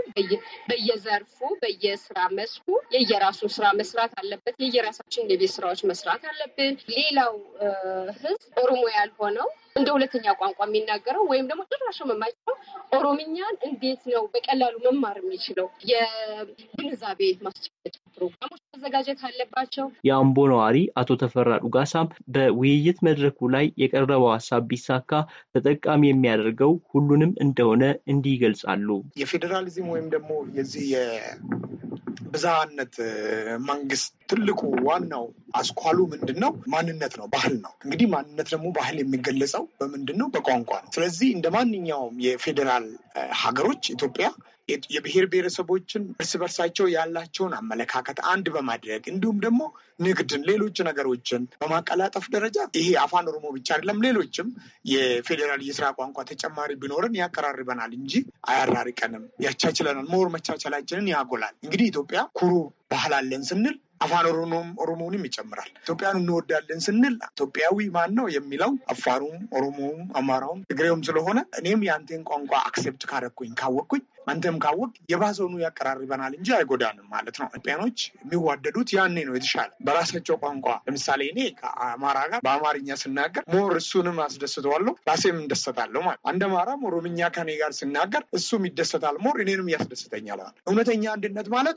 በየዘርፉ በየስራ መስኩ የየራሱ ስራ መስራት አለበት። የየራሳችን የቤት ስራዎች መስራት አለብን። ሌላው ህዝብ ኦሮሞ ያልሆነው እንደ ሁለተኛ ቋንቋ የሚናገረው ወይም ደግሞ ጭራሽ የማይችለው ኦሮምኛን እንዴት ነው በቀላሉ መማር የሚችለው? የግንዛቤ ማስጨበጫ ፕሮግራሞች መዘጋጀት አለባቸው። የአምቦ ነዋሪ አቶ ተፈራ ዱጋሳም በውይይት መድረኩ ላይ የቀረበው ሀሳብ ቢሳካ ተጠቃሚ የሚያደ የሚያደርገው ሁሉንም እንደሆነ እንዲህ ይገልጻሉ። የፌዴራሊዝም ወይም ደግሞ የዚህ የብዝሃነት መንግስት ትልቁ ዋናው አስኳሉ ምንድን ነው? ማንነት ነው፣ ባህል ነው። እንግዲህ ማንነት ደግሞ ባህል የሚገለጸው በምንድን ነው? በቋንቋ ነው። ስለዚህ እንደ ማንኛውም የፌዴራል ሀገሮች ኢትዮጵያ የብሔር ብሔረሰቦችን እርስ በርሳቸው ያላቸውን አመለካከት አንድ በማድረግ እንዲሁም ደግሞ ንግድን፣ ሌሎች ነገሮችን በማቀላጠፍ ደረጃ ይሄ አፋን ኦሮሞ ብቻ አይደለም፣ ሌሎችም የፌዴራል የስራ ቋንቋ ተጨማሪ ቢኖርን ያቀራርበናል እንጂ አያራርቀንም፣ ያቻችለናል። መሆር መቻቻላችንን ያጎላል። እንግዲህ ኢትዮጵያ ኩሩ ባህል አለን ስንል አፋን ኦሮሞውንም ይጨምራል። ኢትዮጵያን እንወዳለን ስንል ኢትዮጵያዊ ማን ነው የሚለው አፋኑም፣ ኦሮሞውም፣ አማራውም ትግሬውም ስለሆነ እኔም የአንቴን ቋንቋ አክሴፕት ካረኩኝ ካወቅኩኝ አንተም ካወቅ የባሰኑ ያቀራርበናል እንጂ አይጎዳንም ማለት ነው። ኢትዮጵያኖች የሚዋደዱት ያኔ ነው የተሻለ በራሳቸው ቋንቋ። ለምሳሌ እኔ ከአማራ ጋር በአማርኛ ስናገር ሞር እሱንም አስደስተዋለሁ ራሴም እንደሰታለሁ ማለት አንድ አማራም ኦሮምኛ ከኔ ጋር ስናገር እሱም ይደሰታል ሞር እኔንም ያስደስተኛል። እውነተኛ አንድነት ማለት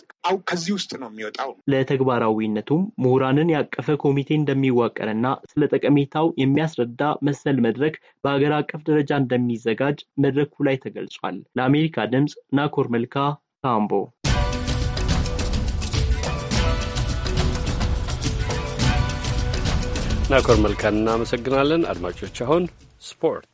ከዚህ ውስጥ ነው የሚወጣው። ለተግባራዊነቱም ምሁራንን ያቀፈ ኮሚቴ እንደሚዋቀርና ስለ ጠቀሜታው የሚያስረዳ መሰል መድረክ በሀገር አቀፍ ደረጃ እንደሚዘጋጅ መድረኩ ላይ ተገልጿል። ለአሜሪካ ድምፅ ናኮር መልካ ካምቦ ናኮር መልካን እናመሰግናለን። አድማጮች አሁን ስፖርት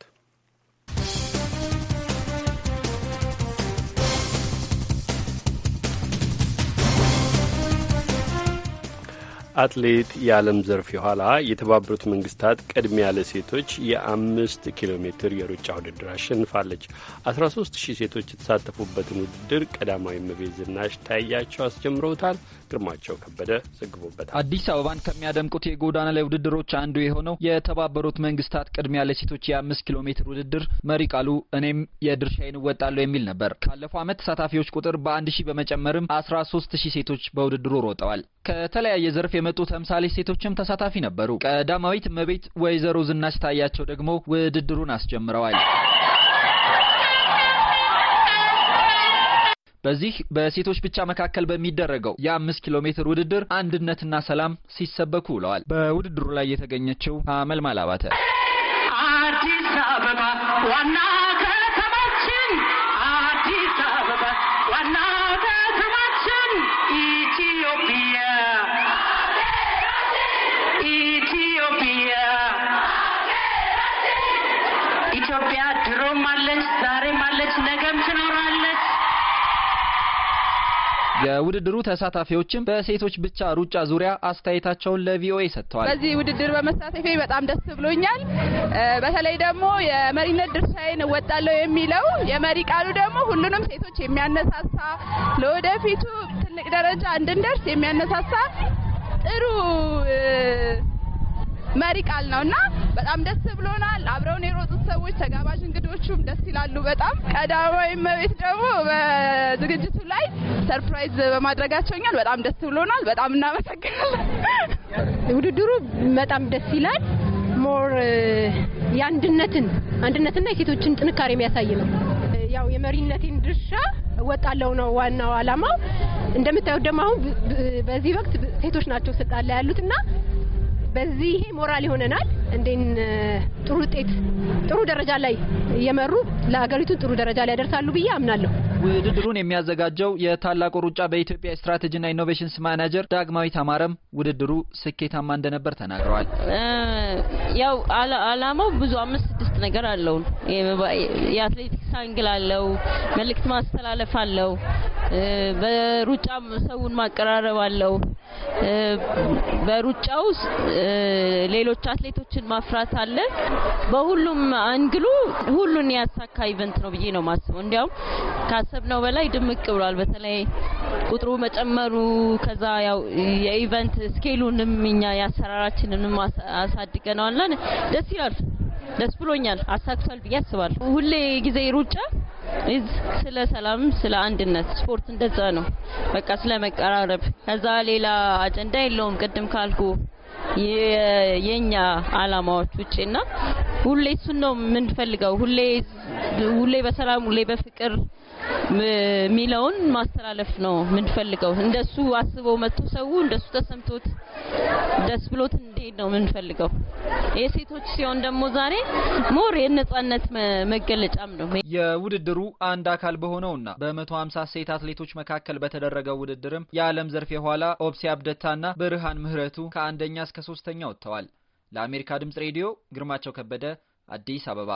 አትሌት የዓለም ዘርፍ የኋላ የተባበሩት መንግስታት ቅድሚያ ለሴቶች የአምስት ኪሎ ሜትር የሩጫ ውድድር አሸንፋለች። 13 ሺህ ሴቶች የተሳተፉበትን ውድድር ቀዳማዊ እመቤት ዝናሽ ታያቸው አስጀምረውታል። ግርማቸው ከበደ ዘግቦበታል። አዲስ አበባን ከሚያደምቁት የጎዳና ላይ ውድድሮች አንዱ የሆነው የተባበሩት መንግስታት ቅድሚያ ለሴቶች የአምስት ኪሎ ሜትር ውድድር መሪ ቃሉ እኔም የድርሻዬን እወጣለሁ የሚል ነበር። ካለፈው ዓመት ተሳታፊዎች ቁጥር በአንድ ሺህ በመጨመርም 13 ሺህ ሴቶች በውድድሩ ሮጠዋል። ከተለያየ ዘርፍ የመጡ ተምሳሌ ሴቶችም ተሳታፊ ነበሩ። ቀዳማዊት እመቤት ወይዘሮ ዝናሽ ታያቸው ደግሞ ውድድሩን አስጀምረዋል። በዚህ በሴቶች ብቻ መካከል በሚደረገው የአምስት ኪሎ ሜትር ውድድር አንድነትና ሰላም ሲሰበኩ ውለዋል። በውድድሩ ላይ የተገኘችው አመልማል አባተ አዲስ አበባ ዋና የውድድሩ ተሳታፊዎችም በሴቶች ብቻ ሩጫ ዙሪያ አስተያየታቸውን ለቪኦኤ ሰጥተዋል። በዚህ ውድድር በመሳተፌ በጣም ደስ ብሎኛል። በተለይ ደግሞ የመሪነት ድርሻዬን እወጣለሁ የሚለው የመሪ ቃሉ ደግሞ ሁሉንም ሴቶች የሚያነሳሳ ለወደፊቱ ትልቅ ደረጃ እንድንደርስ የሚያነሳሳ ጥሩ መሪ ቃል ነው እና በጣም ደስ ብሎናል። አብረውን የሮጡት ሰዎች፣ ተጋባዥ እንግዶቹም ደስ ይላሉ በጣም ቀዳማዊ እመቤት ደግሞ በዝግጅቱ ላይ ሰርፕራይዝ በማድረጋቸው እኛን በጣም ደስ ብሎናል። በጣም እናመሰግናለን። ውድድሩ በጣም ደስ ይላል። ሞር የአንድነትን አንድነትና የሴቶችን ጥንካሬ የሚያሳይ ነው። ያው የመሪነቴን ድርሻ እወጣለሁ ነው ዋናው አላማው። እንደምታዩት ደግሞ አሁን በዚህ ወቅት ሴቶች ናቸው ስልጣን ላይ ያሉት እና በዚህ ሞራል ይሆነናል እንዴን ጥሩ ውጤት ጥሩ ደረጃ ላይ እየመሩ ለሀገሪቱ ጥሩ ደረጃ ላይ ያደርሳሉ ብዬ አምናለሁ። ውድድሩን የሚያዘጋጀው የታላቁ ሩጫ በኢትዮጵያ ስትራቴጂና ኢኖቬሽንስ ማናጀር ዳግማዊ ተማረም ውድድሩ ስኬታማ እንደነበር ተናግረዋል። ያው አላማው ብዙ አምስት ስድስት ነገር አለው። የአትሌቲክስ አንግል አለው፣ መልእክት ማስተላለፍ አለው፣ በሩጫ ሰውን ማቀራረብ አለው። በሩጫ ውስጥ ሌሎች አትሌቶችን ማፍራት አለ። በሁሉም አንግሉ ሁሉን ያሳካ ኢቨንት ነው ብዬ ነው ማስበው። እንዲያውም ካሰብነው በላይ ድምቅ ብሏል። በተለይ ቁጥሩ መጨመሩ ከዛ ያው የኢቨንት ስኬሉንም እኛ የአሰራራችንንም አሳድገነዋለን። ደስ ይላል። ደስ ብሎኛል። አሳክቷል ብዬ አስባለሁ። ሁሌ ጊዜ ሩጫ ስለ ሰላም፣ ስለ አንድነት ስፖርት እንደዛ ነው። በቃ ስለ መቀራረብ ከዛ ሌላ አጀንዳ የለውም። ቅድም ካልኩ የኛ አላማዎች ውጪና ሁሌ እሱን ነው የምንፈልገው። ሁሌ ሁሌ በሰላም ሁሌ በፍቅር የሚለውን ማስተላለፍ ነው የምንፈልገው። እንደሱ አስበው መጥቶ ሰው እንደሱ ተሰምቶት ደስ ብሎት እንዲሄድ ነው የምንፈልገው። የሴቶች ሲሆን ደግሞ ዛሬ ሞር የነጻነት መገለጫም ነው። የውድድሩ አንድ አካል በሆነውና በ150 ሴት አትሌቶች መካከል በተደረገው ውድድርም የዓለም ዘርፍ የኋላ ኦብሲ አብደታና ብርሃን ምህረቱ ከአንደኛ እስከ ሶስተኛ ወጥተዋል። ለአሜሪካ ድምጽ ሬዲዮ ግርማቸው ከበደ አዲስ አበባ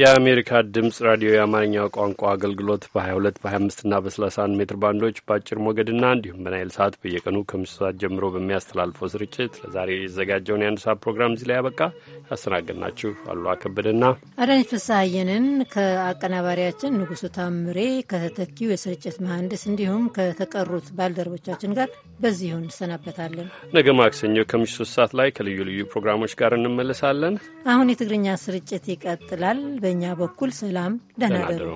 የአሜሪካ ድምፅ ራዲዮ የአማርኛው ቋንቋ አገልግሎት በ22 በ25 እና በ31 ሜትር ባንዶች በአጭር ሞገድና እንዲሁም በናይል ሰዓት በየቀኑ ከምሽቱ ሰዓት ጀምሮ በሚያስተላልፈው ስርጭት ለዛሬ የተዘጋጀውን የአንድ ሰዓት ፕሮግራም እዚህ ላይ ያበቃ። ያስተናገድናችሁ አሉ ከበደና አዳነች ፍስሐየንን ከአቀናባሪያችን ንጉሱ ታምሬ ከተተኪው የስርጭት መሐንዲስ እንዲሁም ከተቀሩት ባልደረቦቻችን ጋር በዚሁ እንሰናበታለን። ነገ ማክሰኞ ከምሽቱ ሰዓት ላይ ከልዩ ልዩ ፕሮግራሞች ጋር እንመለሳለን። አሁን የትግርኛ ስርጭት ይቀጥላል። በእኛ በኩል ሰላም፣ ደህና ደሩ።